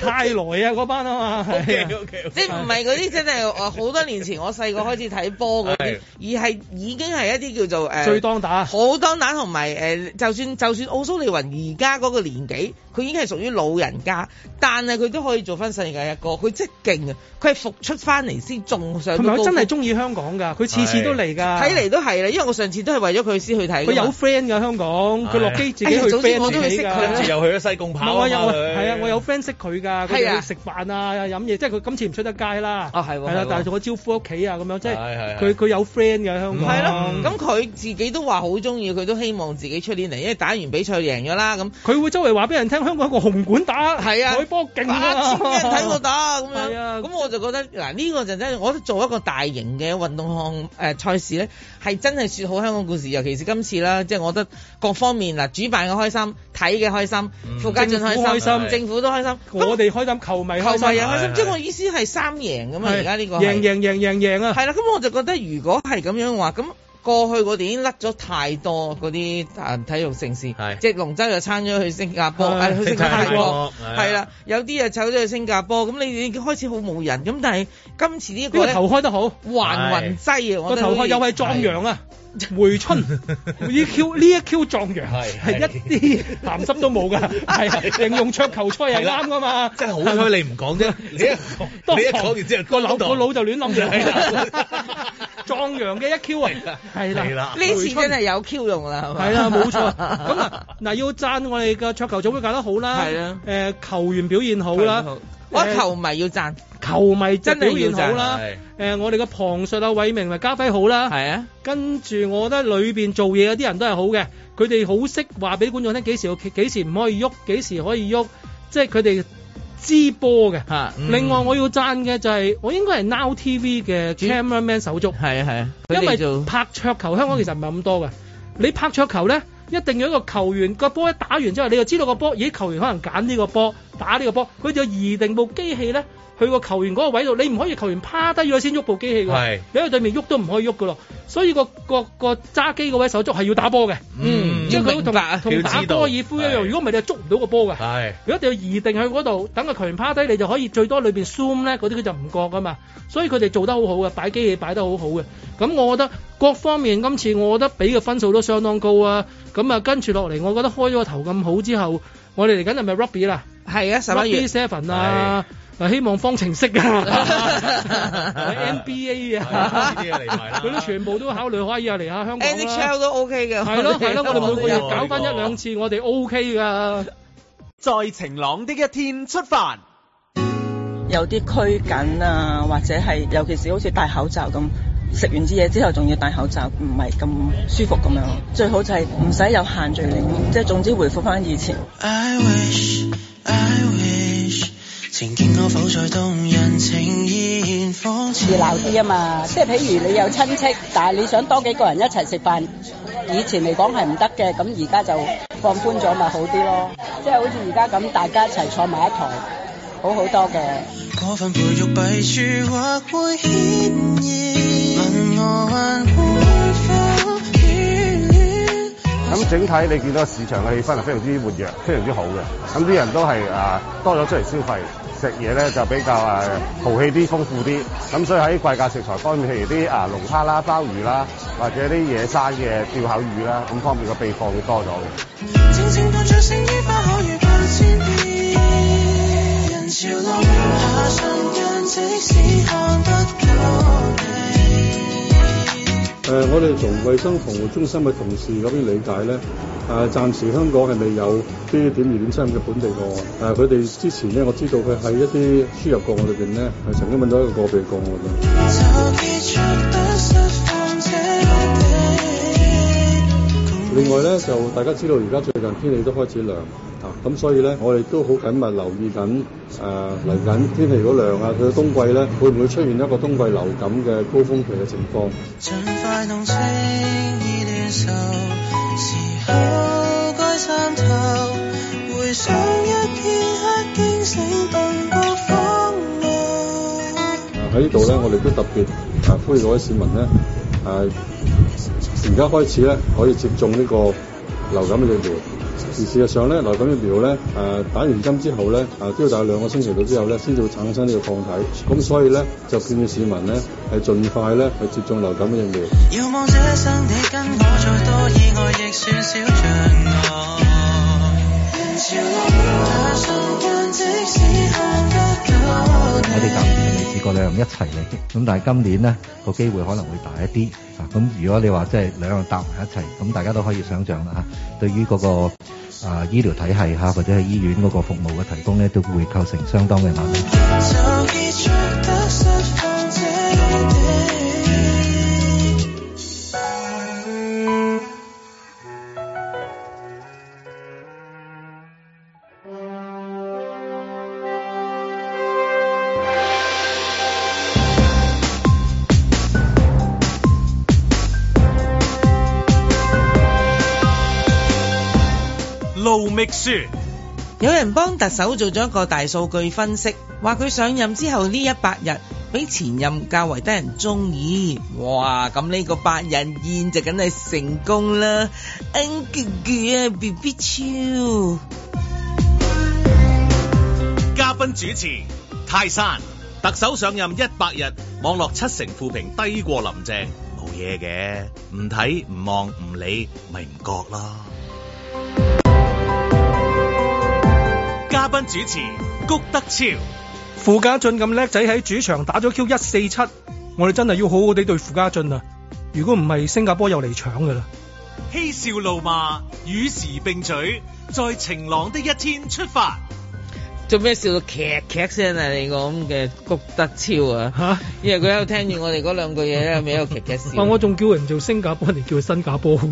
太耐啊！嗰班啊嘛，即係唔係嗰啲真係好多年前我細個開始睇波嗰啲，而係已經係一啲叫做誒，最當打，好當打，同埋誒，就算就算奧蘇利雲而家嗰個年紀，佢已經係屬於老人家，但係佢都可以做翻世界一哥，佢即係勁啊！佢係復出翻嚟先中上，佢真係中意香港噶，佢次次都嚟噶，睇嚟都係啦，因為我上次都係為咗佢先去睇，佢有 friend 噶香港，佢落機直接去 friend 佢又去咗西貢。我有，係啊！我有 friend 識佢㗎，佢去食飯啊、飲嘢，即係佢今次唔出得街啦。啊，係喎，係但係同我招呼屋企啊，咁樣即係佢佢有 friend 嘅香港。係咯，咁佢自己都話好中意，佢都希望自己出年嚟，因為打完比賽贏咗啦。咁佢會周圍話俾人聽，香港一個紅館打係啊，彩波勁啊，八千人睇我打咁樣。咁我就覺得嗱，呢個就真係我覺得做一個大型嘅運動項誒賽事咧，係真係説好香港故事，尤其是今次啦，即係我覺得各方面嗱，主辦嘅開心，睇嘅開心，傅家好開心，政府都開心，我哋開心，球迷開心。即係我意思係三贏咁嘛。而家呢個贏贏贏贏贏啊！係啦，咁我就覺得如果係咁樣話，咁過去我哋已經甩咗太多嗰啲啊體育城市，即係龍舟又撐咗去新加坡，去新加坡係啦，有啲又走咗去新加坡，咁你已經開始好冇人咁，但係今次呢個個頭開得好，還雲劑啊，我頭開又係壯陽啊！回春呢一 Q 呢一 Q 壯陽係，係一啲擔心都冇噶係啊，形容桌球賽係啱噶嘛，真係好，點解你唔講啫？你一講，你一講完之後，我腦我腦就亂諗住，壯陽嘅一 Q 嚟，係啦，呢次真係有 Q 用啦，係咪？係啦，冇錯。咁啊嗱，要讚我哋嘅桌球總會搞得好啦，係啊，誒，球員表現好啦。我、欸、球迷要讚，球迷真係要讚啦。誒，我哋嘅旁述啊，偉明同加菲好啦。係、呃、啊，啊跟住我覺得裏邊做嘢嗰啲人都係好嘅，佢哋好識話俾觀眾聽幾時幾時唔可以喐，幾時可以喐，即係佢哋知波嘅。嚇、啊！嗯、另外我要讚嘅就係、是、我應該係 Now TV 嘅 Camera Man 手足。係啊係啊，啊因為拍桌球香港其實唔係咁多嘅，嗯、你拍桌球咧，一定要一個球員個波一打完之後，你就知道個波。咦？球員可能揀呢個波。打呢個波，佢就移定部機器咧去個球員嗰個位度，你唔可以球員趴低咗先喐部機器是你喺對面喐都唔可以喐噶咯。所以、嗰個、嗰個揸機嗰位手足係要打波嘅，嗯、因為佢同打高爾夫一樣，如果唔係你就捉唔到個波嘅，佢是一定要移定去嗰度等個球員趴低，你就可以最多裏邊 zoom 咧嗰啲佢就唔覺噶嘛。所以佢哋做得好好嘅，擺機器擺得好好嘅。咁我覺得各方面今次我覺得俾嘅分數都相當高啊。咁啊跟住落嚟，我覺得開咗個頭咁好之後。我哋嚟緊係咪 Rugby 啦？係啊，Rugby Seven 啊，嗱的希望方程式啊，NBA 啊，佢 都全部都考慮可以啊嚟下香港。NHL 都 OK 嘅。係咯係咯，我哋每個月搞翻一兩次， 我哋 OK 噶。在晴朗的一天出發。有啲拘謹啊，或者係尤其是好似戴口罩咁。食完支嘢之後仲要戴口罩，唔係咁舒服咁樣。最好就係唔使有限聚令，即係總之回覆翻以前。I wish, I wish, 情景可否再動人情依然而鬧啲啊嘛，即係譬如你有親戚，但係你想多幾個人一齊食飯，以前嚟講係唔得嘅，咁而家就放寬咗咪好啲咯。即係好似而家咁，大家一齊坐埋一堂，好好多嘅。過分培育弊處或會顯現。咁整體你見到市場嘅氣氛係非常之活躍，非常之好嘅。咁啲人都係啊、呃、多咗出嚟消費，食嘢咧就比較啊豪氣啲，豐、呃、富啲。咁所以喺貴價食材方面，譬如啲啊龍蝦啦、鮑魚啦，或者啲野生嘅釣口魚啦，咁方面個備貨會多咗嘅。清清不誒、呃，我哋從衞生防護中心嘅同事嗰邊理解咧，誒、呃，暫時香港係未有啲 B 點二點三嘅本地個案。誒、呃，佢哋之前咧，我知道佢喺一啲輸入個案裏邊咧，係曾經問到一個個別個案嘅。另外咧，就大家知道，而家最近天氣都開始涼。咁所以咧，我哋都好緊密留意緊，誒嚟緊天氣嗰涼啊，佢嘅冬季咧會唔會出現一個冬季流感嘅高峯期嘅情況？啊喺呢度咧，我哋都特別啊，呼籲各位市民咧，啊而家開始咧可以接種呢個流感嘅疫苗。而事實上咧，流感疫苗咧，誒打完針之後咧，誒都要打兩個星期到之後咧，先至會產生呢個抗體。咁所以咧，就建議市民咧係盡快咧去接種流感嘅疫苗。我哋暫時未試過兩樣一齊嚟嘅。咁但係今年咧個機會可能會大一啲。啊，咁如果你話即係兩樣搭埋一齊，咁大家都可以想象啦嚇。對於嗰個啊，醫療體系吓，或者係醫院嗰個服務嘅提供咧，都會構成相當嘅難度。 有人幫特首做咗一個大數據分析，話佢上任之後呢一百日比前任較為得人中意。哇，咁呢個百日宴就梗係成功啦！Angela，BB 超，嘉賓主持泰山，特首上任一百日，網絡七成負評低過林鄭，冇嘢嘅，唔睇唔望唔理，咪唔覺啦。嘉賓主持谷德昭，傅家俊咁叻仔喺主場打咗 Q 一四七，我哋真係要好好哋對傅家俊啊！如果唔係，新加坡又嚟搶噶啦。嬉笑怒罵，與時並舉，在晴朗的一天出發。做咩笑到劇劇聲啊？你講嘅谷德超啊？嚇！因為佢喺度聽住我哋嗰兩句嘢咧，咪喺度劇劇笑。啊！我仲叫人做新加坡，你叫新加坡。咁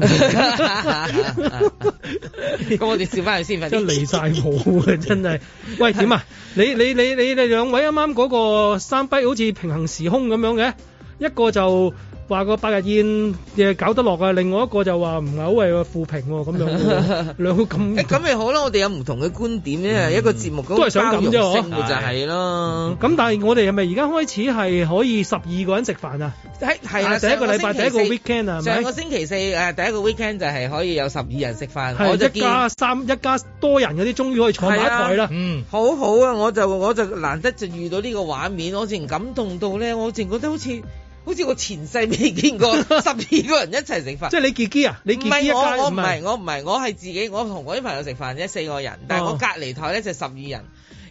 我哋笑翻佢先，快啲。真離曬譜啊！真係。喂，點啊？你你你你你兩位啱啱嗰個三跛好似平行時空咁樣嘅，一個就。話個八日宴嘅搞得落啊，另外一個就話唔係好為個負評喎咁樣，兩個咁咁咪好咯。我哋有唔同嘅觀點咧，嗯、一個節目都係想咁啫嗬，就係咯。咁、嗯、但係我哋係咪而家開始係可以十二個人食飯啊？喺係第一個禮拜第一個 weekend 啊，上個星期四誒，第一個 weekend 就係可以有十二人食飯。嗯、我一家三一家多人嗰啲終於可以坐埋一台啦、啊，嗯，好好啊！我就我就難得就遇到呢個畫面，我直情感動到咧，我直覺得好似。好似我前世未見過十二個人一齊食飯。 即係你自己啊？你唔係我我唔係我唔係我係自己，我同我啲朋友食飯啫，四個人。但係我隔離台咧就十二人，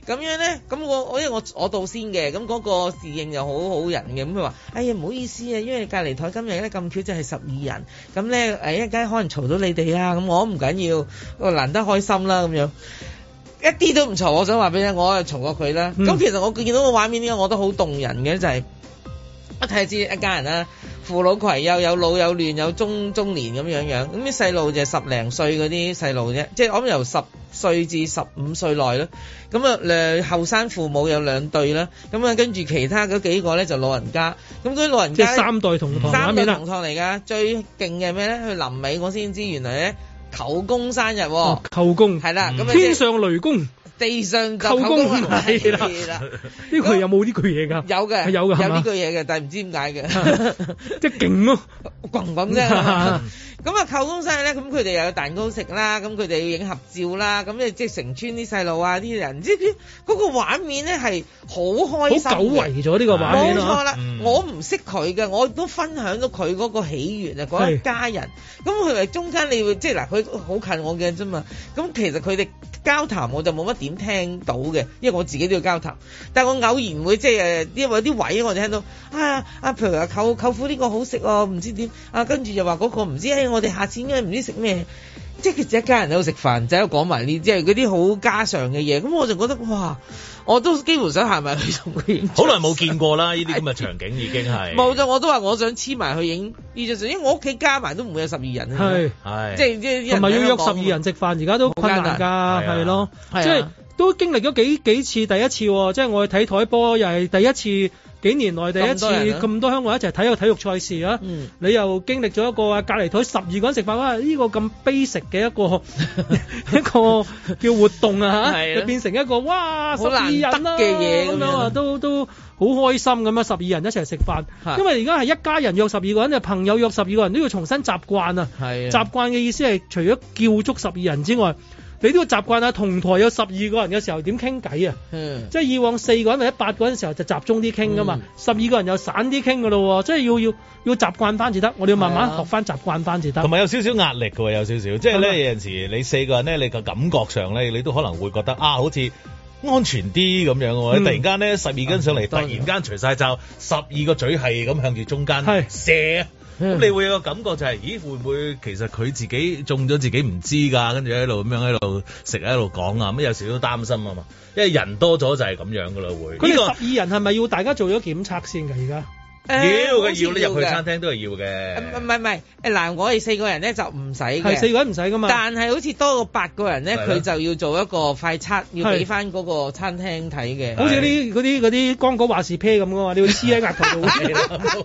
咁樣咧，咁我我因為我我到先嘅，咁嗰個侍應又好好人嘅，咁佢話：哎呀唔好意思啊，因為隔離台今日咧咁巧即係十二人，咁咧誒一陣間可能嘈到你哋啊，咁我唔緊要，我難得開心啦咁樣，一啲都唔嘈。我想話俾你，我又嘈過佢啦。咁其實我見到個畫面呢，我都好動人嘅，就係。睇下知一家人啦，扶老攜幼，有老有嫩，有中中年咁樣樣，咁啲細路就十零歲嗰啲細路啫，即係我諗由十歲至十五歲內咯。咁啊誒後生父母有兩對啦，咁啊跟住其他嗰幾個咧就老人家，咁嗰啲老人家即係三代同堂，三代同堂嚟噶，最勁嘅咩咧？去臨尾我先知，原來咧舅公生日，舅公係啦，咁天上雷公。地上叩公山啦，呢個有冇呢句嘢噶？有嘅，有嘅，有呢句嘢嘅，但係唔知點解嘅，即係勁咯，咣咣聲。咁啊，叩公山咧，咁佢哋又有蛋糕食啦，咁佢哋要影合照啦，咁即係即係成村啲細路啊，啲人嗰個畫面咧係好開心，好久違咗呢個畫面啦。冇錯啦，我唔識佢嘅，我都分享到佢嗰個喜悅啊，嗰一家人。咁佢係中間你會即係嗱，佢好近我嘅啫嘛。咁其實佢哋交談我就冇乜點，聽到嘅，因為我自己都要交談，但係我偶然會即係誒，因、呃、為有啲位我就聽到啊，阿譬如阿舅，舅舅父呢個好食，唔知點啊，跟住又話嗰個唔知，誒、哎，我哋下次唔知食咩，即係其實一家人喺度食飯，就喺度講埋呢，即係嗰啲好家常嘅嘢。咁我就覺得哇，我都幾乎想行埋去同佢好耐冇見過啦，呢啲咁嘅場景已經係冇咗。 我都話我想黐埋去影呢張相，因為我屋企加埋都唔會有十二人。係係是，即係唔係，要約十二人食飯而家都好難噶，係咯難，即係、啊。都經歷咗幾幾次第一次喎，即係我去睇台波又係第一次，幾年來第一次咁多香港人一齊睇個體育賽事啦。你又經歷咗一個隔離台十二個人食飯啦，呢個咁悲慘嘅一個一個叫活動啊，就變成一個哇十二人嘅嘢咁樣啊，都都好開心咁啊！十二人一齊食飯，因為而家係一家人約十二個人，就朋友約十二個人，都要重新習慣啊。習慣嘅意思係除咗叫足十二人之外。你都要習慣啊！同台有十二個人，有時候點傾偈啊？嗯， 即係以往四個人或者八個人時候就集中啲傾噶嘛，十二、嗯、個人有散啲傾噶咯喎，即係要要要習慣翻至得，我哋要慢慢學翻習，習慣翻至得。同埋、啊、有少少壓力嘅喎，有少少，即係咧、啊、有陣時你四個人咧，你個感覺上咧，你都可能會覺得啊，好似安全啲咁樣喎。嗯、突然間咧十二根上嚟，嗯、突然間除晒罩，十二個嘴係咁向住中間射是。咁 你會有個感覺就係，咦，會唔會其實佢自己中咗自己唔知㗎，跟住喺度咁樣喺度食，喺度講啊，咁有時都擔心啊嘛，因為人多咗就係咁樣㗎啦會。呢十二人係咪要大家做咗檢測先㗎？而家？妖，佢、哎、要你入的去餐廳都係要嘅。唔係唔係，嗱我哋四個人咧就唔使嘅。係四個人唔使噶嘛。但係好似多過八個人咧，佢嗎就要做一個快測，要俾翻嗰個餐廳睇嘅。好似啲嗰啲嗰啲光哥話事啤咁噶嘛，你會黐喺額頭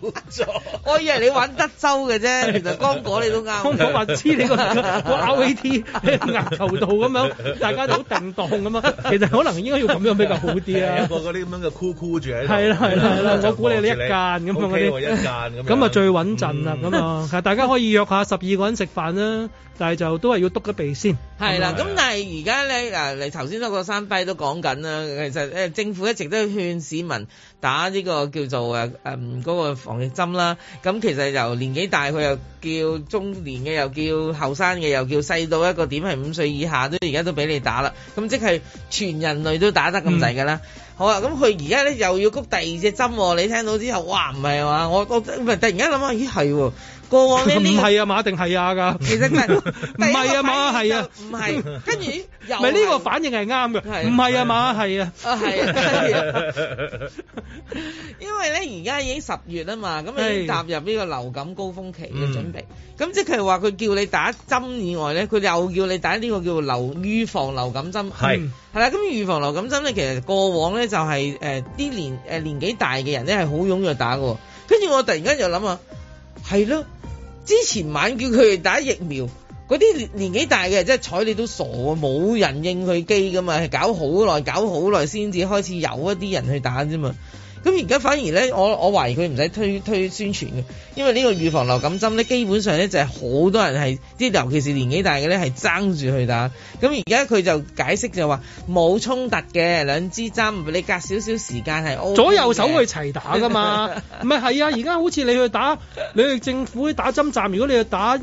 度做。我以為你玩德州嘅啫，其實光哥你都啱。光哥話黐你個個 RAT，額頭度咁樣，大家都定當咁樣。其實可能應該要咁樣比較好啲啦、啊。 有一個嗰啲咁樣嘅箍箍住喺度。係啦係啦，的我估你你一間。咁樣啊，最穩陣啦，咁啊，嗯、大家可以約下十二個人食飯啦，但係就都係要篤個鼻先。係啦，咁但係而家咧，你頭先嗰個山帝都講緊啦，其實誒政府一直都勸市民打呢個叫做誒誒嗰個防疫針啦。咁其實由年紀大，佢又叫中年嘅，又叫後生嘅，又叫細到一個點係五歲以下都而家都俾你打啦。咁即係全人類都打得咁滯㗎啦。好啊，咁佢而家咧又要谷第二隻針喎、哦，你聽到之後，哇，唔係啊嘛，我我唔係突然間諗下咦，係喎。過往呢啲唔係啊嘛定係啊噶其實唔係啊嘛？係啊，唔係，跟住咪呢個反應係啱嘅，唔係啊嘛？係啊，啊因為咧而家已經十月啊嘛，咁你踏入呢個流感高峰期嘅準備，咁即係話佢叫你打針以外咧，佢又叫你打呢個叫做流預防流感針，係係啦，咁預防流感針咧，其實過往咧就係誒啲年誒年紀大嘅人咧係好踴躍打嘅，跟住我突然間又諗啊，係咯。之前晚叫佢哋打疫苗，嗰啲年紀大嘅真係睬你都傻啊，冇人應佢機噶嘛，係搞好耐，搞好耐先至開始有一啲人去打啫嘛。咁而家反而咧，我我懷疑佢唔使推推宣傳嘅，因為呢個預防流感針咧，基本上咧就係好多人係啲，尤其是年紀大嘅咧，係爭住去打。咁而家佢就解釋就話冇衝突嘅，兩支針你隔少少時間係 O、OK。左右手去齊打噶嘛？唔係係啊！而家好似你去打，你去政府去打針站，如果你去打。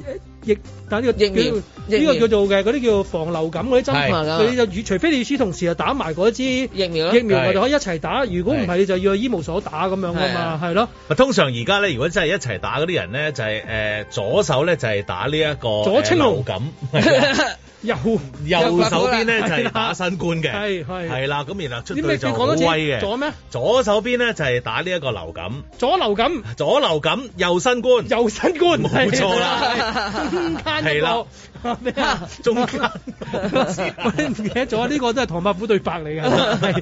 疫，但係、這、呢個疫苗，呢叫苗個叫做嘅嗰啲叫防流感嗰啲針，佢就是對除非你需同時啊打埋嗰支疫苗疫苗是我哋可以一齊打。如果唔係你就要去醫務所打咁的樣噶嘛，係咯、啊。通常而家咧，如果真係一齊打嗰啲人咧，就係、是、誒、呃、左手咧就係、是、打呢、這、一個左青、呃、流感。 右，右手邊呢，就係打新冠嘅。係，係，係，係，啦，咁，然後，出對左手邊呢，就係打呢一個流感。左流感。左流感，右新冠。右新冠。冇錯啦。係啦。係啦。中間。我哋唔記得咗，呢個都係唐伯虎對白嚟㗎。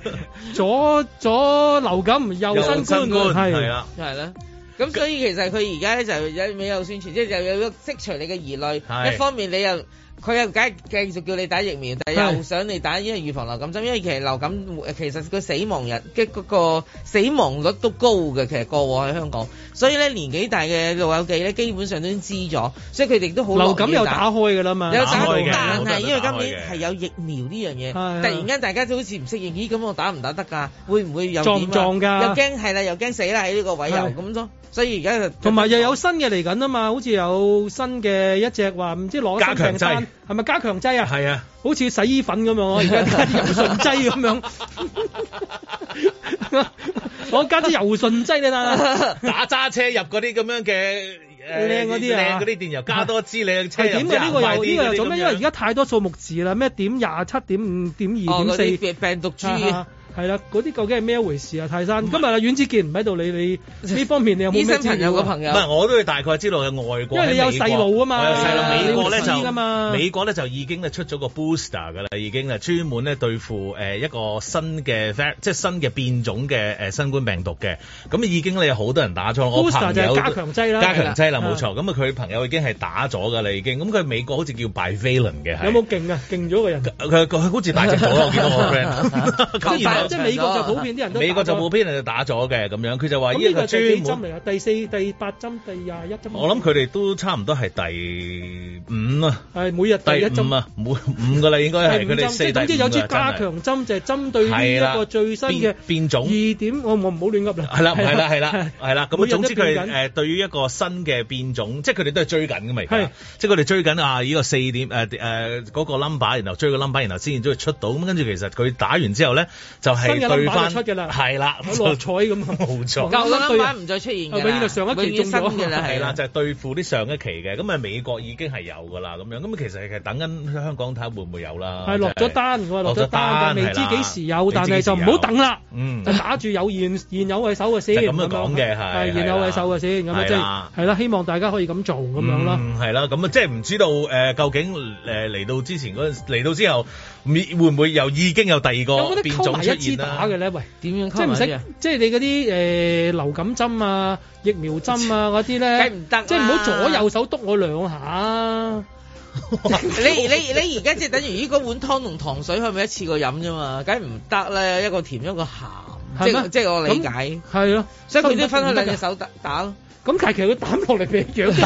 左，左流感，右新冠。係啦。咁，所以其實，佢而家呢，就未有宣傳，即係又有一個釋除你嘅疑慮。係。一方面，你又，佢又梗係繼續叫你打疫苗，但係又想你打依個預防流感針，因為其實流感其實個死亡人即係死亡率都高嘅，其實過往喺香港。所以咧年紀大嘅老友記咧，基本上都知咗，所以佢哋都好流感又打開嘅啦嘛，又打開，但係因為今年係有疫苗呢樣嘢，突然間大家都好似唔適應，咦咁我打唔打得㗎？會唔會又點啊？又驚係啦，又驚死啦喺呢個位又咁的所以而家同埋又有新嘅嚟緊啊嘛，好似有新嘅一隻話唔知攞加強劑，係咪加強劑啊？係啊，好似洗衣粉咁樣，而家加啲油順劑咁樣，我加啲油順劑啦，打揸車入嗰啲咁樣嘅靚嗰啲啊，靚嗰啲電油加多支靚車人啊，呢個又呢個又做咩？因為而家太多數目字啦，咩點廿七點五點二點四病毒株。係啦，嗰啲究竟係咩一回事啊？泰山，今日啊，阮子健唔喺度，你你呢方面你有冇咩朋友嘅朋友，唔係我都係大概知道嘅外國，因為你有細路啊嘛，我有細路，美國咧就美國咧就已經出咗個 booster 嘅咧，已經啦，專門咧對付誒一個新嘅即係新嘅變種嘅誒新冠病毒嘅。咁已經你有好多人打咗，我朋友加強劑啦，加強劑啦，冇錯。咁啊佢朋友已經係打咗㗎啦，已經。咁佢美國好似叫 bivalent 嘅有冇勁啊？勁咗個人？佢好似大隻咗啦，我見到我 friend。即係美國就普遍啲人，美國就普遍人就打咗嘅咁樣。佢就話呢個專針嚟啊，第四、第八針、第廿一針。我諗佢哋都差唔多係第五啊。係每日第一針啊，每五個啦應該係佢哋。即係有支加強針就係針對呢一個最新嘅變種二點，我唔好亂噏啦。係啦，係啦，係啦，係啦。咁啊，總之佢誒對於一個新嘅變種，即係佢哋都係追緊嘅未。即係佢哋追緊啊呢個四點誒誒嗰個 number，然後追個 number，然後先至會出到。咁跟住其實佢打完之後咧就係對翻出嘅啦，係啦，好彩咁冇錯，舊嗰單買唔再出現嘅，永遠上一期中嘅啦，係啦，就係對付啲上一期嘅，咁啊美國已經係有嘅啦，咁樣，咁啊其實係等緊喺香港睇下會唔會有啦，係落咗單㗎喎，落咗單，未知幾時有，但係就唔好等啦，嗯，打住有現現有喺手嘅先，就咁樣講嘅係，係現有喺手嘅先，咁啊即係係啦，希望大家可以咁做咁樣咯，係啦，咁啊即係唔知道誒究竟誒嚟到之前嗰陣嚟到之後會唔會又已經有第二個變種咧？打嘅咧，喂，點樣？即係唔使即係你嗰啲誒流感針啊、疫苗針啊嗰啲咧，唔得！即係唔好左右手篤我兩下。你你你而家即係等於依個碗湯同糖水，係咪一次過飲啫嘛？梗係唔得啦！一個甜一個鹹，即係我理解。係咯，所以佢都分開兩隻手打咯。咁但係其實佢打落嚟嘅一樣，即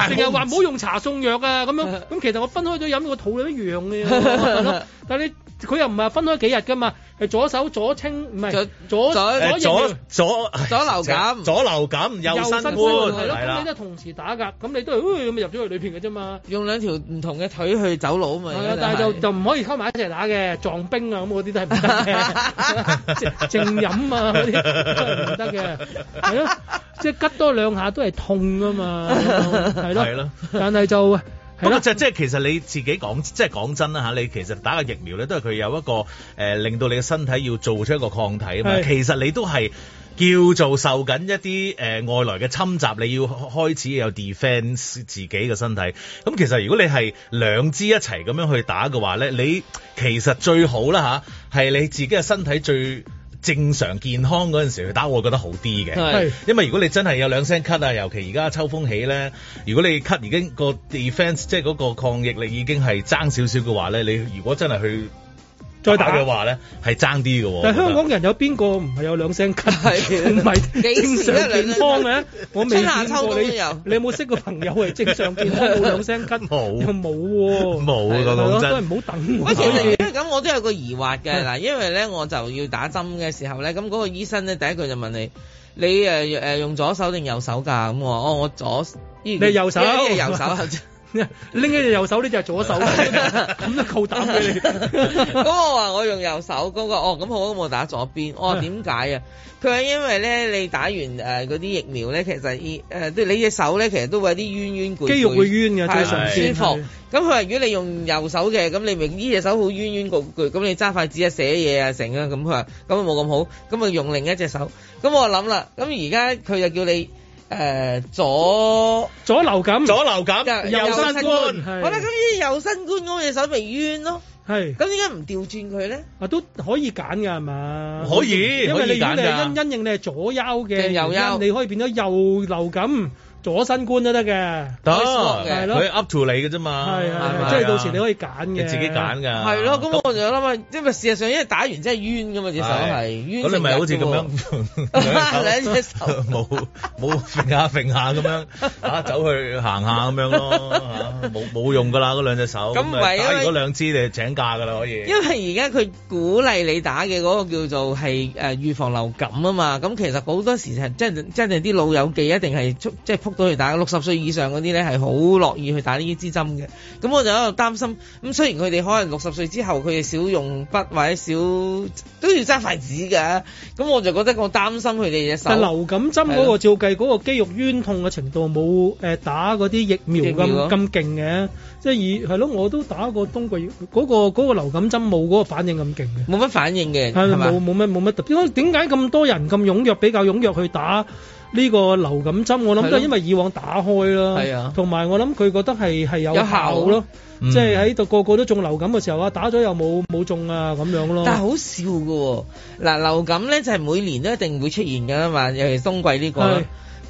係成日話唔好用茶送藥啊咁樣。咁其實我分開咗飲，個肚又一樣嘅。但係你。佢又唔係分開幾日噶嘛，係左手左清唔係左左左左左流感左流感右新冠係咯，咁你都同時打㗎，咁你都係咁入咗去裏邊嘅啫嘛。用兩條唔同嘅腿去走路啊嘛。係啊，但係就就唔可以溝埋一齊打嘅，撞冰啊咁嗰啲都係唔得嘅。靜靜飲啊嗰啲唔得嘅，係咯，即係拮多兩下都係痛㗎嘛，係咯。係咯。但係就。不過就即係其實你自己講即係講真啦嚇，你其實打個疫苗咧，都係佢有一個誒、呃、令到你嘅身體要做出一個抗體啊嘛。是其實你都係叫做受緊一啲誒、呃、外來嘅侵襲，你要開始有 defense 自己嘅身體。咁、嗯、其實如果你係兩支一齊咁樣去打嘅話咧，你其實最好啦嚇，係、啊、你自己嘅身體最。正常健康嗰陣時去打，我覺得好啲嘅。係，因為如果你真係有兩聲咳啊，尤其而家秋風起咧，如果你咳已經個 defense，即係嗰個抗疫力已經係爭少少嘅話咧，你如果真係去，再打嘅話咧，係爭啲嘅喎。但係香港人有邊個唔係有兩聲咳？係幾時得兩聲？我未見過你。你有冇識個朋友係正常健康冇兩聲咳？冇又冇喎。冇講到真。都係唔好等。咁我都有個疑惑嘅嗱，因為咧我就要打針嘅時候咧，咁嗰個醫生咧第一句就問你：你誒誒用左手定右手㗎？咁我話哦，我左。你右手。拎一隻右手，呢就係左手，咁就夠膽你。咁我話我用右手，嗰個哦咁好，冇打咗邊。哦，話點解啊？佢話因為咧，你打完誒嗰啲疫苗咧，其實誒都你隻手咧，其實都會有啲冤冤攰。肌肉會冤嘅，係唔舒服。咁佢話：如果你用右手嘅，咁你咪呢隻手好冤冤攰攰。咁你揸筷子啊、寫嘢啊成啊。咁佢話：咁啊冇咁好，咁啊用另一隻手。咁我諗啦，咁而家佢就叫你。誒，咗、呃、左，左流感，咗流感，右新冠。係是好啦，咁呢右新冠嗰隻手微冤咯。係是，咁點解唔調轉佢咧？啊，都可以揀噶，係嘛？可以，因為你如果你因因應你係咗腰嘅，右，右因你可以變咗右流感。咗新冠都得嘅，得，可以 up to 你嘅啫嘛，係係，即係到時你可以揀嘅，自己揀㗎，係咯，咁我就諗啊，因為事實上，因為打完真係冤㗎嘛隻手，係冤死嘅喎，冇冇揈下揈下咁樣，啊，走去行下咁樣咯，冇冇用㗎啦，嗰兩隻手，咁唔係因為打完嗰兩支你請假㗎啦可以，因為而家佢鼓勵你打嘅嗰個叫做係誒預防流感啊嘛，咁其實好多時係即係即係啲老友記一定係即係都大家六十歲以上嗰啲咧，係好樂意去打呢啲支針嘅。咁我就喺度擔心，咁雖然佢哋可能六十歲之後，佢哋少用筆或者少都要揸筷子嘅。咁我就覺得我擔心佢哋嘅手。但流感針嗰、那個了照計嗰個肌肉酸痛嘅程度冇誒打嗰啲疫苗咁咁勁嘅，即係而係咯，我都打過冬季嗰、那個、那個流感針冇嗰個反應咁勁嘅，冇乜反應嘅，係咪冇冇乜冇乜特點？點解咁多人咁踴躍比較踴躍去打？呢個流感針，我諗都係因為以往打開啦，同埋、啊、我諗佢覺得係係有，有效咯、啊，嗯、即係喺度個個都中流感嘅時候啊，打咗又冇冇中啊咁樣咯。但係好笑嘅喎、哦，嗱流感咧就係、係、每年都一定會出現嘅啦嘛，尤其冬季呢、呢個。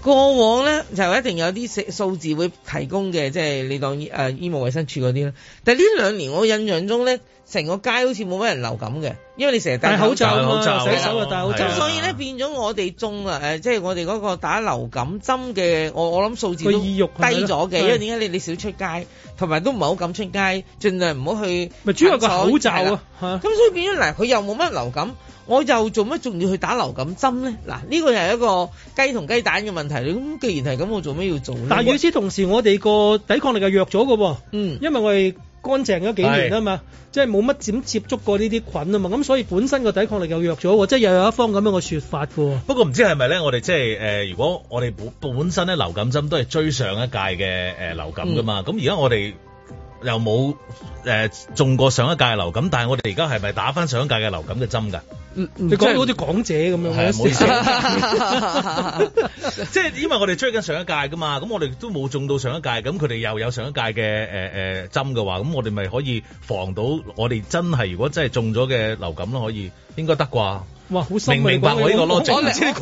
過往咧就一定有啲數字會提供嘅，即係你當誒醫務衛生署嗰啲啦。但係呢兩年我印象中咧，成個街好似冇乜人流感嘅，因為你成日戴口罩，口罩洗手又戴口罩，所以咧變咗我哋中啊誒，即係我哋嗰個打流感針嘅，我我諗數字都低咗嘅，因為點解你你少出街，同埋都唔係好敢出街，盡量唔好去。咪主要個口罩啊，咁所以變咗嗱，佢又冇乜流感。我又做乜仲要去打流感針咧？嗱，呢個又係一個雞同雞蛋嘅問題。咁既然係咁，我做乜要做咧？但係與此同時我，嗯、我哋個是抵抗力又弱咗嘅喎。嗯。因為我哋乾淨咗幾年啊嘛，即係冇乜點接觸過呢啲菌啊嘛，咁所以本身個抵抗力又弱咗喎。即係又有一方咁樣嘅説法嘅、嗯、不過唔知係咪咧？我哋即係誒、呃，如果我哋本身咧流感針都係追上一屆嘅誒流感嘅嘛。咁而家我哋。又冇誒、呃、中過上一屆嘅流感，但係我哋而家係咪打返上一屆嘅流感嘅針㗎？你講到好似港姐咁樣，係啊，唔好意思。即係 因為我哋追緊上一屆㗎嘛，咁我哋都冇中到上一屆，咁佢哋又有上一屆嘅誒誒針嘅話，咁我哋咪可以防到我哋真係如果真係中咗嘅流感啦，可以應該得啩？哇！好、啊、明白說明白我呢個邏輯。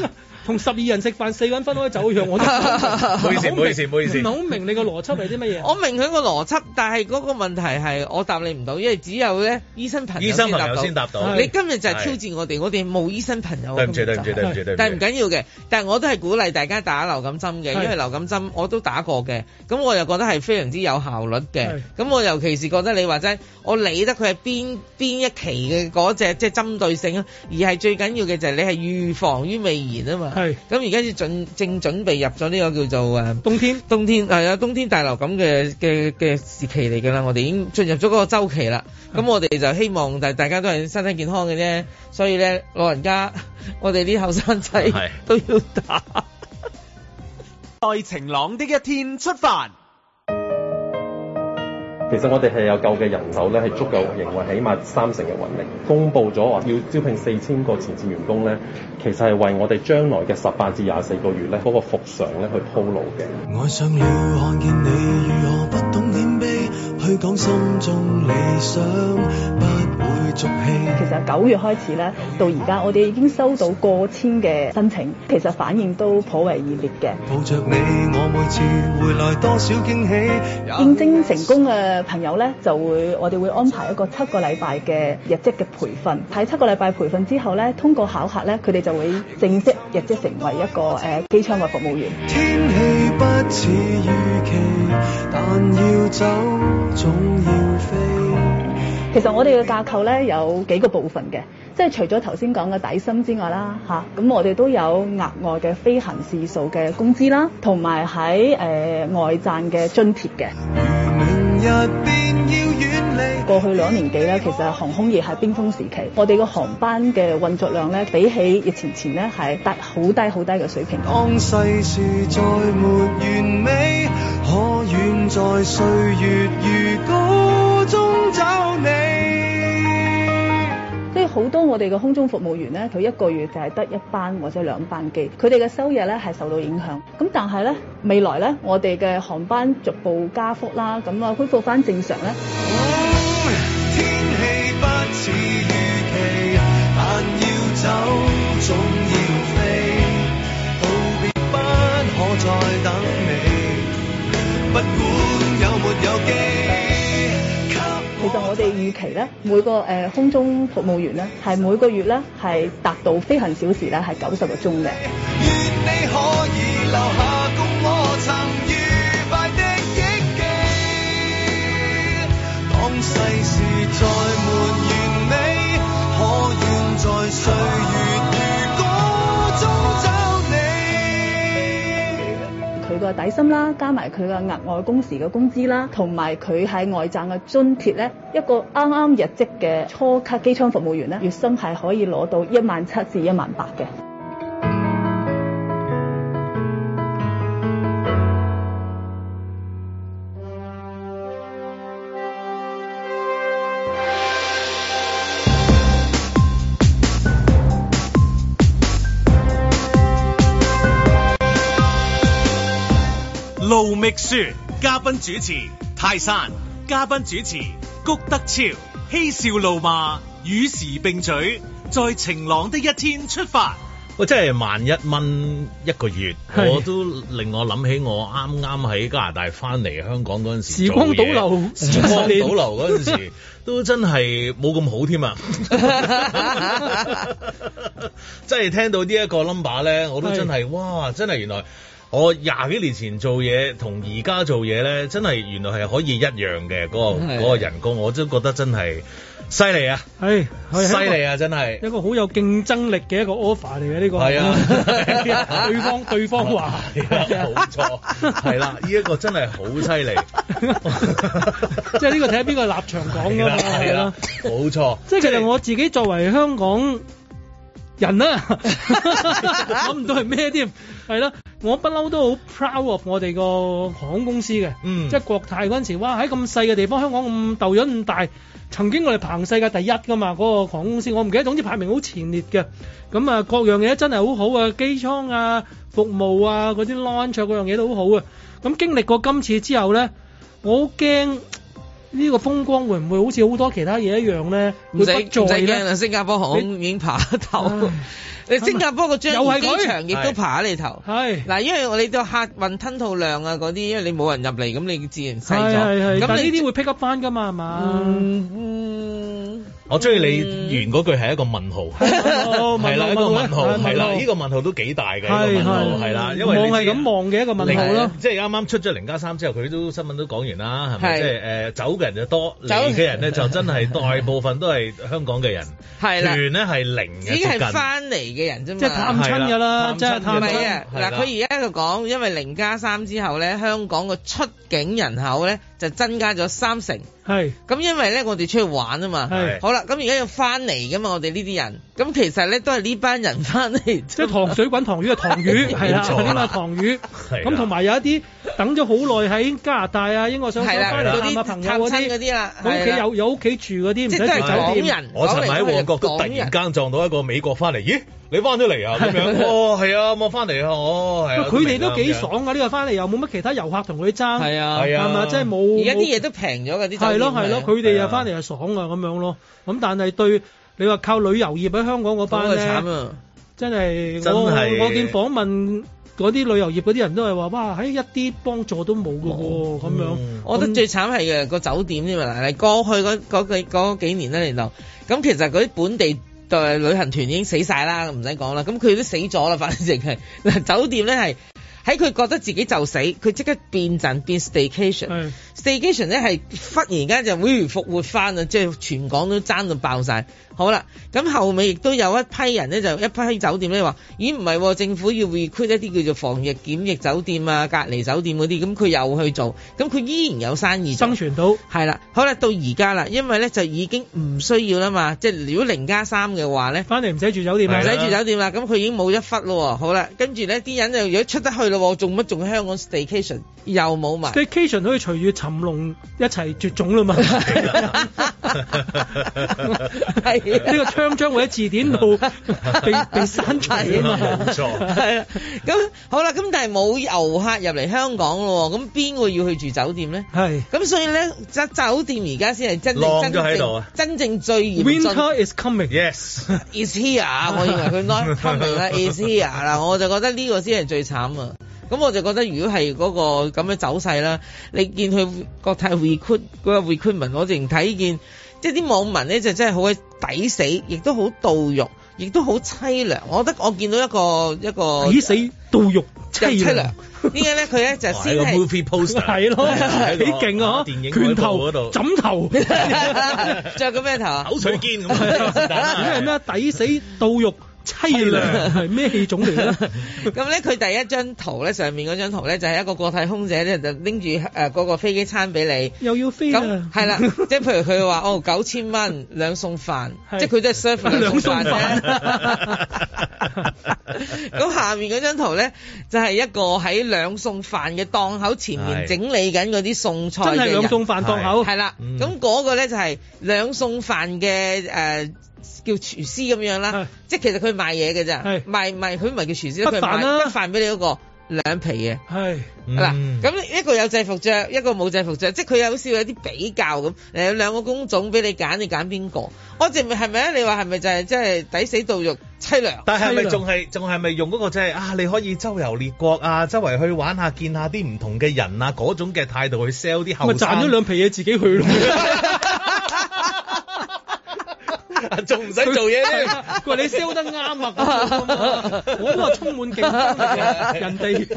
我 同十二人食飯，四個人分開走樣，我都唔 好意思，唔好意思，唔 好意思，唔係好明你個邏輯係啲乜嘢？ 我明佢個邏輯，但係嗰個問題係我答你唔到，因為只有咧醫生朋友先答到。答到是你今日就係挑戰我哋，是我哋冇醫生朋友。但係唔緊要嘅，但係我都係鼓勵大家打流感針嘅， 因為流感針我都打過嘅，咁我又覺得係非常之有效率嘅。咁 我尤其是覺得你話齋，我理得佢係邊邊一期嘅嗰隻，即係針對性咯，而係最緊要嘅就係你係預防於未然啊嘛。係，咁而家正正準備入咗呢個叫做誒冬天，冬天係啊，冬天大流感嘅嘅嘅時期嚟㗎啦，我哋已經進入咗嗰個週期啦。咁是我哋就希望，但大家都係身體健康嘅啫，所以咧老人家，我哋啲後生仔都要打。在是 晴朗的一天出發。其實我哋係有夠嘅人手咧，係足夠，認為起碼三成嘅運力。公布咗話要招聘四千個前線員工咧，其實係為我哋將來嘅十八至廿四個月咧嗰個復常咧去鋪路嘅。愛上了看見你，如何不懂謙卑。其實九月開始咧，到而家我哋已經收到過千嘅申請，其實反應都頗為熱烈嘅。抱着你，我每次回來多少驚喜。應徵成功嘅朋友咧，就會我哋會安排一個七個禮拜嘅入職嘅培訓。喺七個禮拜培訓之後咧，通過考核咧，佢哋就會正式入職成為一個誒機艙嘅服務員。天氣不似預期。但要要走，總要飛。其實我哋嘅架構咧，有幾個部分嘅，即係除咗頭先講嘅底薪之外啦，吓、啊，咁我哋都有額外嘅飛行次數嘅工資啦，同埋喺誒外站嘅津貼嘅。如明日便要遠。過去兩年幾咧，其實航空業係冰封時期，我哋嘅航班嘅運作量咧，比起疫情前咧係低好低好低嘅水平。當世事再沒完美，可遠在歲月如歌中找你。好多我哋嘅空中服務員呢，佢一個月就係得一班或者兩班機，佢哋嘅收入呢係受到影響。咁但係呢，未來呢，我哋嘅航班逐步加幅啦，咁啊恢復翻正常呢。天氣不似預期，但要走，總要飛，告別不可再等你，不管有沒有機。我哋預期咧，每個誒空中服務員咧，係每個月咧，係達到飛行小時咧，係九十個鐘嘅。佢個底薪啦，加埋佢個額外工時嘅工資啦，同埋佢喺外站嘅津貼咧，一個啱啱入職嘅初級機艙服務員咧，月薪係可以攞到一萬七至一萬八嘅。亦書嘉賓主持泰山，嘉賓主持谷德超，嬉笑怒罵與時並舉，在晴朗的一天出發。我真係萬一蚊一個月，是我都令我諗起我啱啱喺加拿大翻嚟香港嗰陣時，時光倒流，時光倒流嗰陣時是都真係冇咁好添啊！ 真係聽到呢一個 number 咧，我都真係是哇，真係原來。我廿幾年前做嘢，同而家做嘢咧，真係原來係可以一樣嘅嗰個嗰個人工，我都覺得真係犀利啊！係，犀利啊！真係一個好有競爭力嘅一個 offer 嚟嘅呢個，係啊！對方對方話，係，冇錯，係啦，呢一個真係好犀利，即係呢個睇下邊個立場講㗎嘛，係咯，冇錯。即係其實我自己作為香港。人啦、啊，諗 唔到係咩添？係咯，我不嬲都好 proud of 我哋個航空公司嘅，嗯、即係國泰嗰陣時，哇喺咁細嘅地方，香港咁豆咗咁大，曾經我哋行世界第一噶嘛嗰、那個航空公司，我唔記得，總之排名好前列嘅。咁啊，各樣嘢真係好好啊，機艙啊、服務啊、嗰啲 launch 嗰、啊、樣嘢都好好啊。咁經歷過今次之後咧，我好驚。呢個風光會唔會好似好多其他嘢一樣咧？唔使唔使驚，新加坡航你已經爬頭。你唉新加坡個樟宜機場亦都爬喺你頭。係嗱是，因為你個客運吞，吞吐量啊嗰啲，因為你冇人入嚟，咁你自然細咗。咁你呢啲會 pick up 翻㗎嘛？係嘛嗎、嗯？嗯。我中意你完嗰句係一個問號，係啦，一個問號，係啦，呢個問號都幾大嘅一個問號，係啦，因為望係咁望嘅一個問號咯。即係啱啱出咗零加三之後，佢都新聞都講完啦，係咪？即係誒走嘅人就多，走嘅人咧就真係大部分都係香港嘅人，係啦，係零嘅。已經係翻嚟嘅人啫嘛，即係探親㗎啦，即係探親㗎。嗱，佢而家喺度講，因為零加三之後咧，香港嘅出境人口咧就增加咗三成。係，咁因為咧，我哋出去玩啊嘛，係的，好啦，咁而家要返嚟噶嘛，我哋呢啲人。咁其實咧都係呢班人翻嚟，即係糖水滾糖魚啊，糖魚係啦，呢個糖魚。咁同埋有一啲等咗好耐喺加拿大啊，英國想翻嚟嗰啲朋友嗰啲，嗰啲啦，屋企有有屋企住嗰啲，唔使都酒店人。我尋日喺旺角都突然間撞到一個美國翻嚟，咦？你翻咗嚟啊？咁樣哦，係啊，我翻嚟啊，我佢哋都幾爽噶，呢個翻嚟又冇乜其他遊客同佢爭，係啊，係咪即係冇？而家啲嘢都平咗㗎，啲酒店係咯係咯，佢哋又翻嚟又爽啊咁樣咯，咁但係對。你話靠旅遊業喺香港嗰班啊？慘，真係是我我見訪問嗰啲旅遊業嗰啲人都係話，哇喺、哎、一啲幫助都冇嘅喎，咁、哦、樣。嗯、那我覺得最慘係嘅個酒店添啊，嗱過去嗰嗰幾幾年咧，你就咁其實嗰啲本地誒旅行團已經死晒啦，唔使講啦，咁佢都死咗啦，反正係嗱 酒店咧，係喺佢覺得自己就死，佢即刻變陣變 staycation。Staycation 咧係忽然間就會復活翻啦，即係全港都爭到爆晒。好啦，咁後尾亦都有一批人咧，就一批酒店咧話：咦，唔係、啊、政府要 recruit 一啲叫做防疫檢疫酒店啊、隔離酒店嗰啲，咁佢又去做，咁佢依然有生意生存到。係啦，好啦，到而家啦，因為咧就已經唔需要啦嘛，即係如果零加三嘅話咧，翻嚟唔使住酒店啊，唔使住酒店啦，咁佢的已經冇一忽咯。好啦，跟住咧啲人就如果出得去咯，做乜仲喺仲香港 Staycation 又冇埋 Staycation 可以隨遇。含龍一齊絕種啦嘛，係呢個槍章會喺字典度被被刪曬，唔錯，係啦，咁好啦，咁但係冇遊客入嚟香港咯，咁邊個要去住酒店咧？係，咁所以咧，酒店而家先係真真正真正最嚴峻。Winter is coming, yes, is here。我認為佢 not coming is here。嗱，我就覺得呢個先係最慘啊！咁 我就覺得，如果係嗰、那個咁嘅走勢啦，你見佢國泰 recruit 嗰個 recruitment，我淨係睇見，即係啲網民咧就真係好鬼抵死，亦都好盜慾，亦都好淒涼。我覺得我見到一個一個抵死盜慾淒涼。呢嘢咧？佢咧就先係係咯，幾勁啊！這個、 電影拳頭度枕頭，着 個咩頭啊？口水肩咁啊！係咩？抵死盜慾。 淒涼係咩戲種嚟㗎？咁咧佢第一張圖咧，上面嗰張圖咧就係、是、一個國泰空姐咧就拎住誒嗰個飛機餐俾你，又要飛咁係啦，即係譬如佢話哦九千蚊兩餸飯， 即係佢都係 service 兩餸飯咁下面嗰張圖咧就係、是、一個喺兩餸飯嘅檔口前面整理緊嗰啲餸菜嘅，真係兩餸飯檔口。係啦，咁嗰、 嗯、 個咧就係、是、兩餸飯嘅誒。呃叫廚師咁樣啦，即係其實佢賣嘢嘅咋，賣賣佢唔係叫廚師，佢賣返飯俾你嗰個兩皮嘢。係嗱，咁一個有制服着，一個冇制服着，即係佢有時有啲比較咁，誒兩個工種俾你揀，你揀邊個？我淨係咪啊？你話係咪就係即係抵死度肉凄涼？但係咪仲係仲係咪用嗰個即係啊？你可以周遊列國啊，周圍去玩下，見下啲唔同嘅人啊，嗰種嘅態度去 sell 啲後生賺咗兩皮嘢，自己去。仲唔使做嘢添？佢話 你 sell 得啱啊！我咁啊，我都話充滿競爭嘅人哋，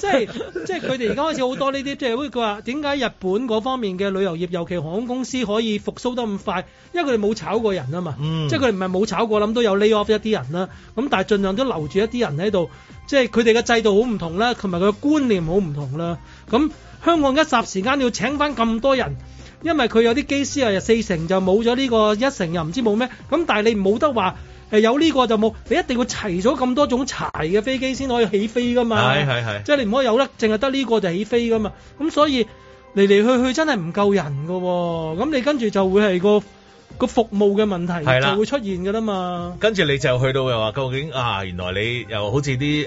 即係即係佢哋而家開始好多呢啲，即係佢話點解日本嗰方面嘅旅遊業，尤其航空公司可以復甦得咁快？因為佢哋冇炒過人啊嘛，嗯、即係佢哋唔係冇炒過，諗都有 lay off 一啲人啦。咁但係儘量都留住一啲人喺度，即係佢哋嘅制度好唔同啦，同埋佢嘅觀念好唔同啦。咁香港一霎時間要請翻咁多人。因為佢有啲機師啊，四成就冇咗呢個一成又唔知冇咩，咁但係你冇得話誒有呢個就冇，你一定要齊咗咁多種柴嘅飛機先可以起飛㗎嘛，係係係，即係你唔可以有得淨係得呢個就起飛㗎嘛，咁所以嚟嚟去去真係唔夠人㗎喎、哦，咁你跟住就會係個個服務嘅問題係啦的，就會出現噶啦嘛。跟住你就去到又話究竟啊，原來你又好似啲誒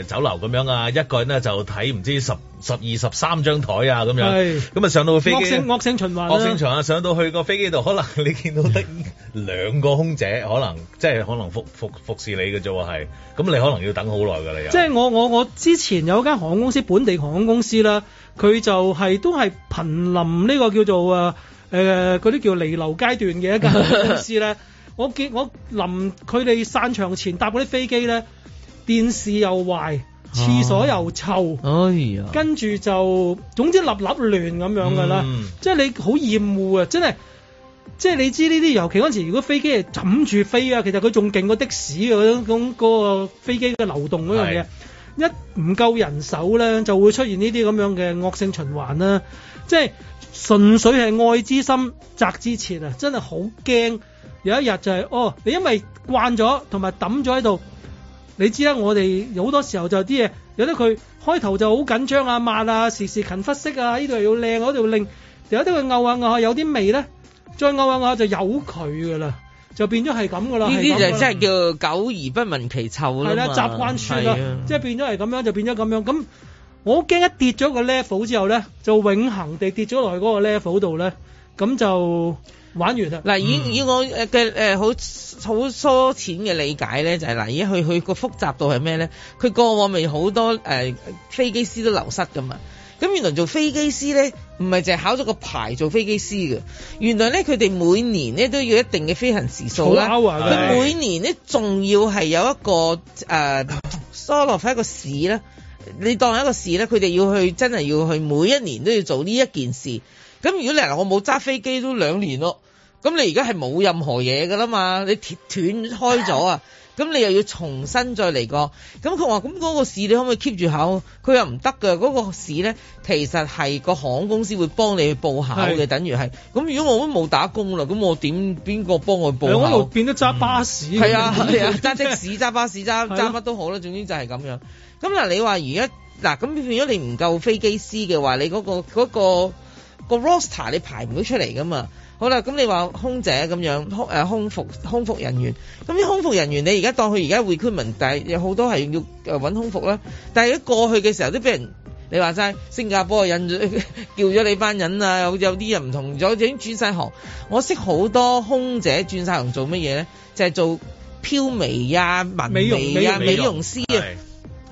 誒酒樓咁樣啊，一個人咧就睇唔知十十二十三張台啊咁樣。係的。咁啊上到飛機惡性循環、啊，惡性循環上到去個飛機度，可能你見到得兩個空姐，可能， 可能即係可能服服服侍你嘅啫喎，係。咁你可能要等好耐噶啦又。即係我我我之前有間航空公司，本地航空公司啦，佢就係、是、都係瀕臨呢個叫做誒。誒嗰啲叫彌留階段嘅一間公司咧， 我見我臨佢哋散場前搭嗰啲飛機咧，電視又壞，廁所又臭，哦、哎呀！跟住就總之立立亂咁樣嘅啦，嗯、即係你好厭惡啊！真係，即係你知呢啲，尤其嗰陣時，如果飛機係揞住飛啊，其實佢仲勁過的士嗰種嗰個飛機嘅流動嗰樣嘢，是一唔夠人手咧，就會出現呢啲咁樣嘅惡性循環啦、啊，即係。純粹係愛之深，責之切啊！真係好驚。有一日就係、是、哦，你因為慣咗，同埋抌咗喺度。你知啦，我哋好多時候就啲嘢，有得佢開頭就好緊張啊，抹啊，時時勤拂拭啊，呢度又要靚，嗰度靚。要靚要靚有得佢漚下漚下，有啲味咧，再漚下漚下就有佢噶啦，就變咗係咁噶啦。呢啲就真係叫久而不聞其臭啦。係啦，習慣住啦，的即係變咗係咁樣，就變咗咁樣咁。我好驚一跌咗個 level 之後咧，就永恒地跌咗落去嗰個 level 度咧，咁就玩完，嗯呃就是、啦。嗱，以以我嘅誒，好好疏淺嘅理解咧，就係嗱，而家佢佢個複雜度係咩咧？佢過往咪好多誒、呃，飛機師都流失噶嘛。咁原來做飛機師咧，唔係淨係考咗個牌做飛機師嘅。原來咧，佢哋每年咧都要一定嘅飛行時數咧。佢、啊、每年咧仲要係有一個誒，solo 翻個試咧。你當一個市咧，佢哋要去真係要去每一年都要做呢一件事。咁如果你話我冇揸飛機都兩年咯，咁你而家係冇任何嘢噶啦嘛？你斷開咗啊，咁 你又要重新再嚟過。咁佢話咁嗰個市你可唔可以 keep 住考？佢又唔得噶。嗰、那個市咧，其實係個航空公司會幫你去報考嘅，是等於係。咁如果我都冇打工啦，咁我點邊個幫我報考？我變咗揸巴士。係啊係啊，揸的士、揸巴士、揸揸乜都好啦，總之就係咁樣。咁嗱，你話而家，嗱咁變咗你唔夠飛機師嘅話，你嗰、嗰個嗰、嗰個嗰個 roster 你排唔到出嚟噶嘛？好啦，咁你話空姐咁樣，空、呃、空服空服人員，咁啲空服人員你而家當佢而家會 h u m 但係有好多係要誒揾空服啦。但係一過去嘅時候都俾人，你話曬新加坡引咗 叫咗你班人啊，有有啲人唔同咗，已經轉晒行。我識好多空姐轉晒行做乜嘢咧？就係、係、做漂眉啊、紋眉啊美、美容師啊。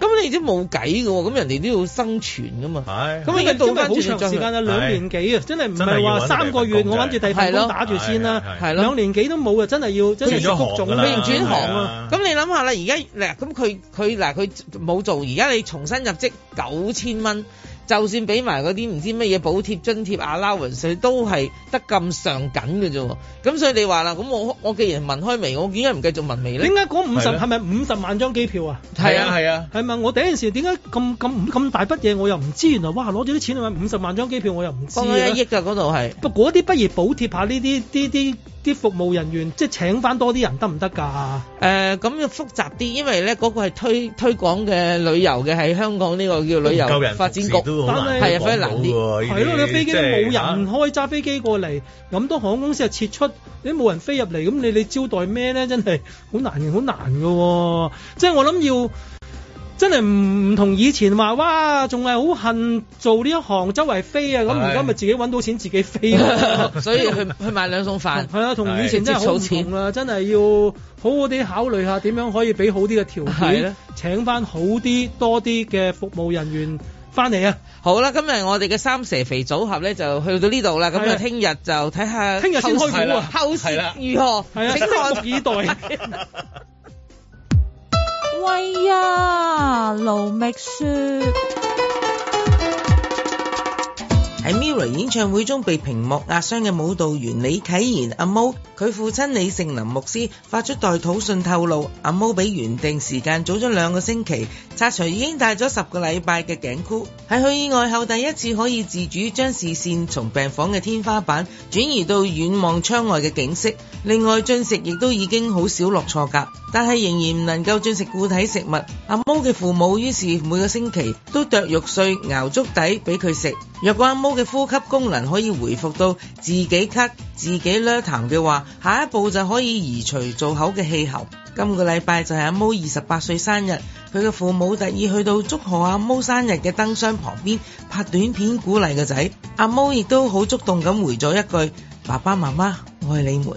咁你都冇計㗎喎，咁人哋都要生存㗎嘛。係的。咁你而家到翻轉嚟就係兩年幾啊，的真係唔係話三個月我揾住地盤打住先啦，啊，係咯。兩年幾都冇啊，真係要的真係要種，佢要轉行啊。咁你諗下啦，而家嗱，咁佢佢嗱佢冇做，而家你重新入職九千蚊。就算俾埋嗰啲唔知乜嘢補貼、津貼、allowance，都係得咁上緊嘅啫。咁所以你話啦，咁我我既然聞開味，我點解唔繼續聞味咧？點解嗰五十係咪五十萬張機票啊？係啊係啊，係咪、啊、我第一陣時點解咁咁咁大筆嘢我又唔知？原來哇，攞咗啲錢係咪五十萬張機票我又唔知啊？一億啊，嗰度係，不過嗰啲不如補貼下呢啲啲啲。啲服務人員即係請翻多啲人得唔得㗎？誒咁、呃、要複雜啲，因為咧嗰、嗰個係推推廣嘅旅遊嘅，喺香港呢個叫旅遊發展局，係啊，非常難啲。係咯、嗯，你飛機都冇人開，揸飛機過嚟，咁多航空公司又撤出，你冇人飛入嚟，咁你你招待咩咧？真係好難，好難嘅、哦。即係我諗要。真係唔唔同以前話，哇，仲係好恨做呢一行，周圍飛啊！咁而家咪自己揾到錢自己飛，所以去去買兩餸飯。係啊，同以前真係好唔同啊！真係要好好地考慮下點樣可以俾好啲嘅條件，請翻好啲多啲嘅服務人員翻嚟啊！好啦，今日我哋嘅三蛇肥組合咧就去到呢度啦。咁就聽日就睇下聽日先開盤，後市如何？請看以待。喂呀，盧覓雪。喺 Mirror 演唱會中被屏幕壓傷嘅舞蹈員李啟賢阿毛，佢父親李盛林牧師發出代禱信透露，阿毛比原定時間早咗兩個星期拆除，已經戴咗十個禮拜嘅頸箍。喺佢意外後第一次可以自主將視線從病房嘅天花板轉移到遠望窗外嘅景色。另外進食亦都已經好少落錯格，但係仍然唔能夠進食固體食物。阿毛嘅父母於是每個星期都剁肉碎熬粥底俾佢食。若果阿毛，嘅呼吸功能可以回復到自己咳自己唞痰嘅話，下一步就可以移除做口嘅氣喉。今個禮拜就係阿毛二十八歲生日，佢嘅父母特意去到祝賀阿毛生日嘅燈箱旁邊拍短片鼓勵個仔。阿毛亦都好觸動咁回咗一句：爸爸媽媽愛你們。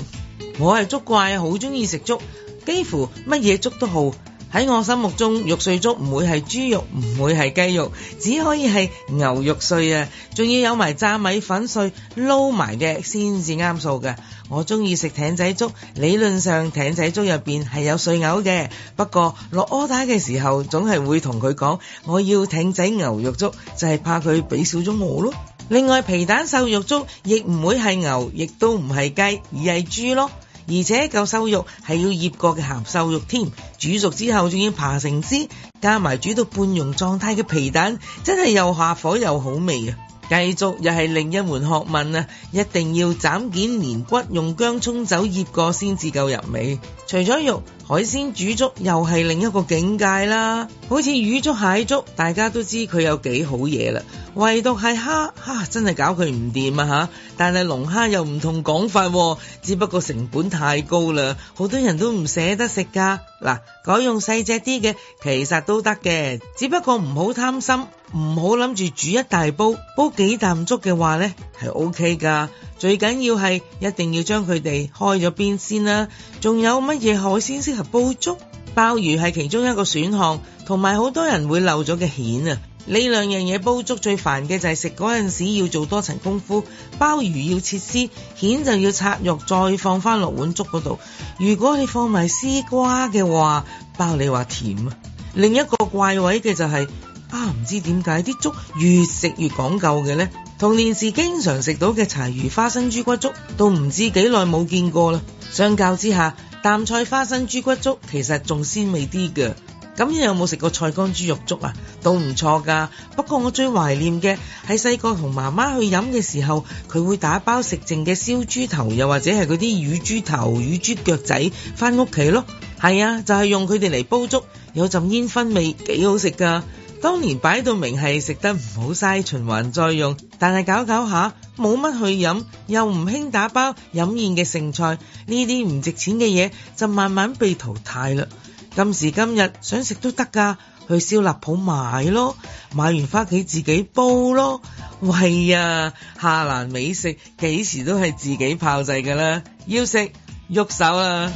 我係粥怪，好中意食粥，幾乎乜嘢粥都好。喺我心目中，肉碎粥唔會係豬肉，唔會係雞肉，只可以係牛肉碎啊！仲要有埋炸米粉碎撈埋嘅先至啱數嘅。我中意食艇仔粥，理論上艇仔粥入邊係有碎牛嘅，不過落 order 嘅時候，總係會同佢講，我要艇仔牛肉粥，就係、是、怕佢俾少咗我咯。另外皮蛋瘦肉粥亦唔會係牛，亦都唔係雞，而係豬咯。而且嚿瘦肉係要醃過嘅鹹瘦肉添，煮熟之後仲要扒成絲，加埋煮到半溶狀態嘅皮蛋，真係又下火又好味啊！繼續又係另一門學問啊，一定要斬件連骨，用薑葱酒醃過先至夠入味。除咗肉。海鮮煮粥又係另一個境界啦，好似魚粥、蟹粥，大家都知佢有幾好嘢啦。唯獨係蝦，吓、啊、真係搞佢唔掂啊吓！但係龍蝦又唔同講法，啊，只不過成本太高啦，好多人都唔捨得食噶。嗱、啊，改用細隻啲嘅，其實都得嘅，只不過唔好貪心，唔好諗住煮一大煲煲幾啖粥嘅話呢係 O K 噶。最緊要係一定要將佢哋開咗邊先啦，仲有乜嘢海鮮適合煲粥？鮑魚係其中一個選項，同埋好多人會漏咗嘅蜆啊！呢兩樣嘢煲粥最煩嘅就係食嗰陣時要做多層功夫，鮑魚要切絲，蜆就要拆肉再放翻落碗粥嗰度。如果你放埋絲瓜嘅話，包你話甜啊！另一個怪位嘅就係、是、啊，唔知點解啲粥越食越講究嘅呢？童年時經常食到嘅柴魚花生豬骨粥，都唔知幾耐冇見過啦。相較之下，淡菜花生豬骨粥其實仲鮮味啲嘅。咁你有冇食過菜乾豬肉粥啊？都唔錯噶。不過我最懷念嘅係細個同媽媽去飲嘅時候，佢會打包食剩嘅燒豬頭，又或者係嗰啲乳豬頭、乳豬腳仔，翻屋企咯。係啊，就係用佢哋嚟煲粥，有陣煙燻味，幾好食噶。當年擺到明係食得唔好嘥循環再用，但係搞搞下冇乜去飲，又唔興打包飲宴嘅剩菜，呢啲唔值錢嘅嘢就慢慢被淘汰啦。今時今日想食都得㗎，去燒臘鋪買咯，買完返屋企自己煲咯。喂呀，下欄美食幾時都係自己炮製㗎啦，要食喐手啊！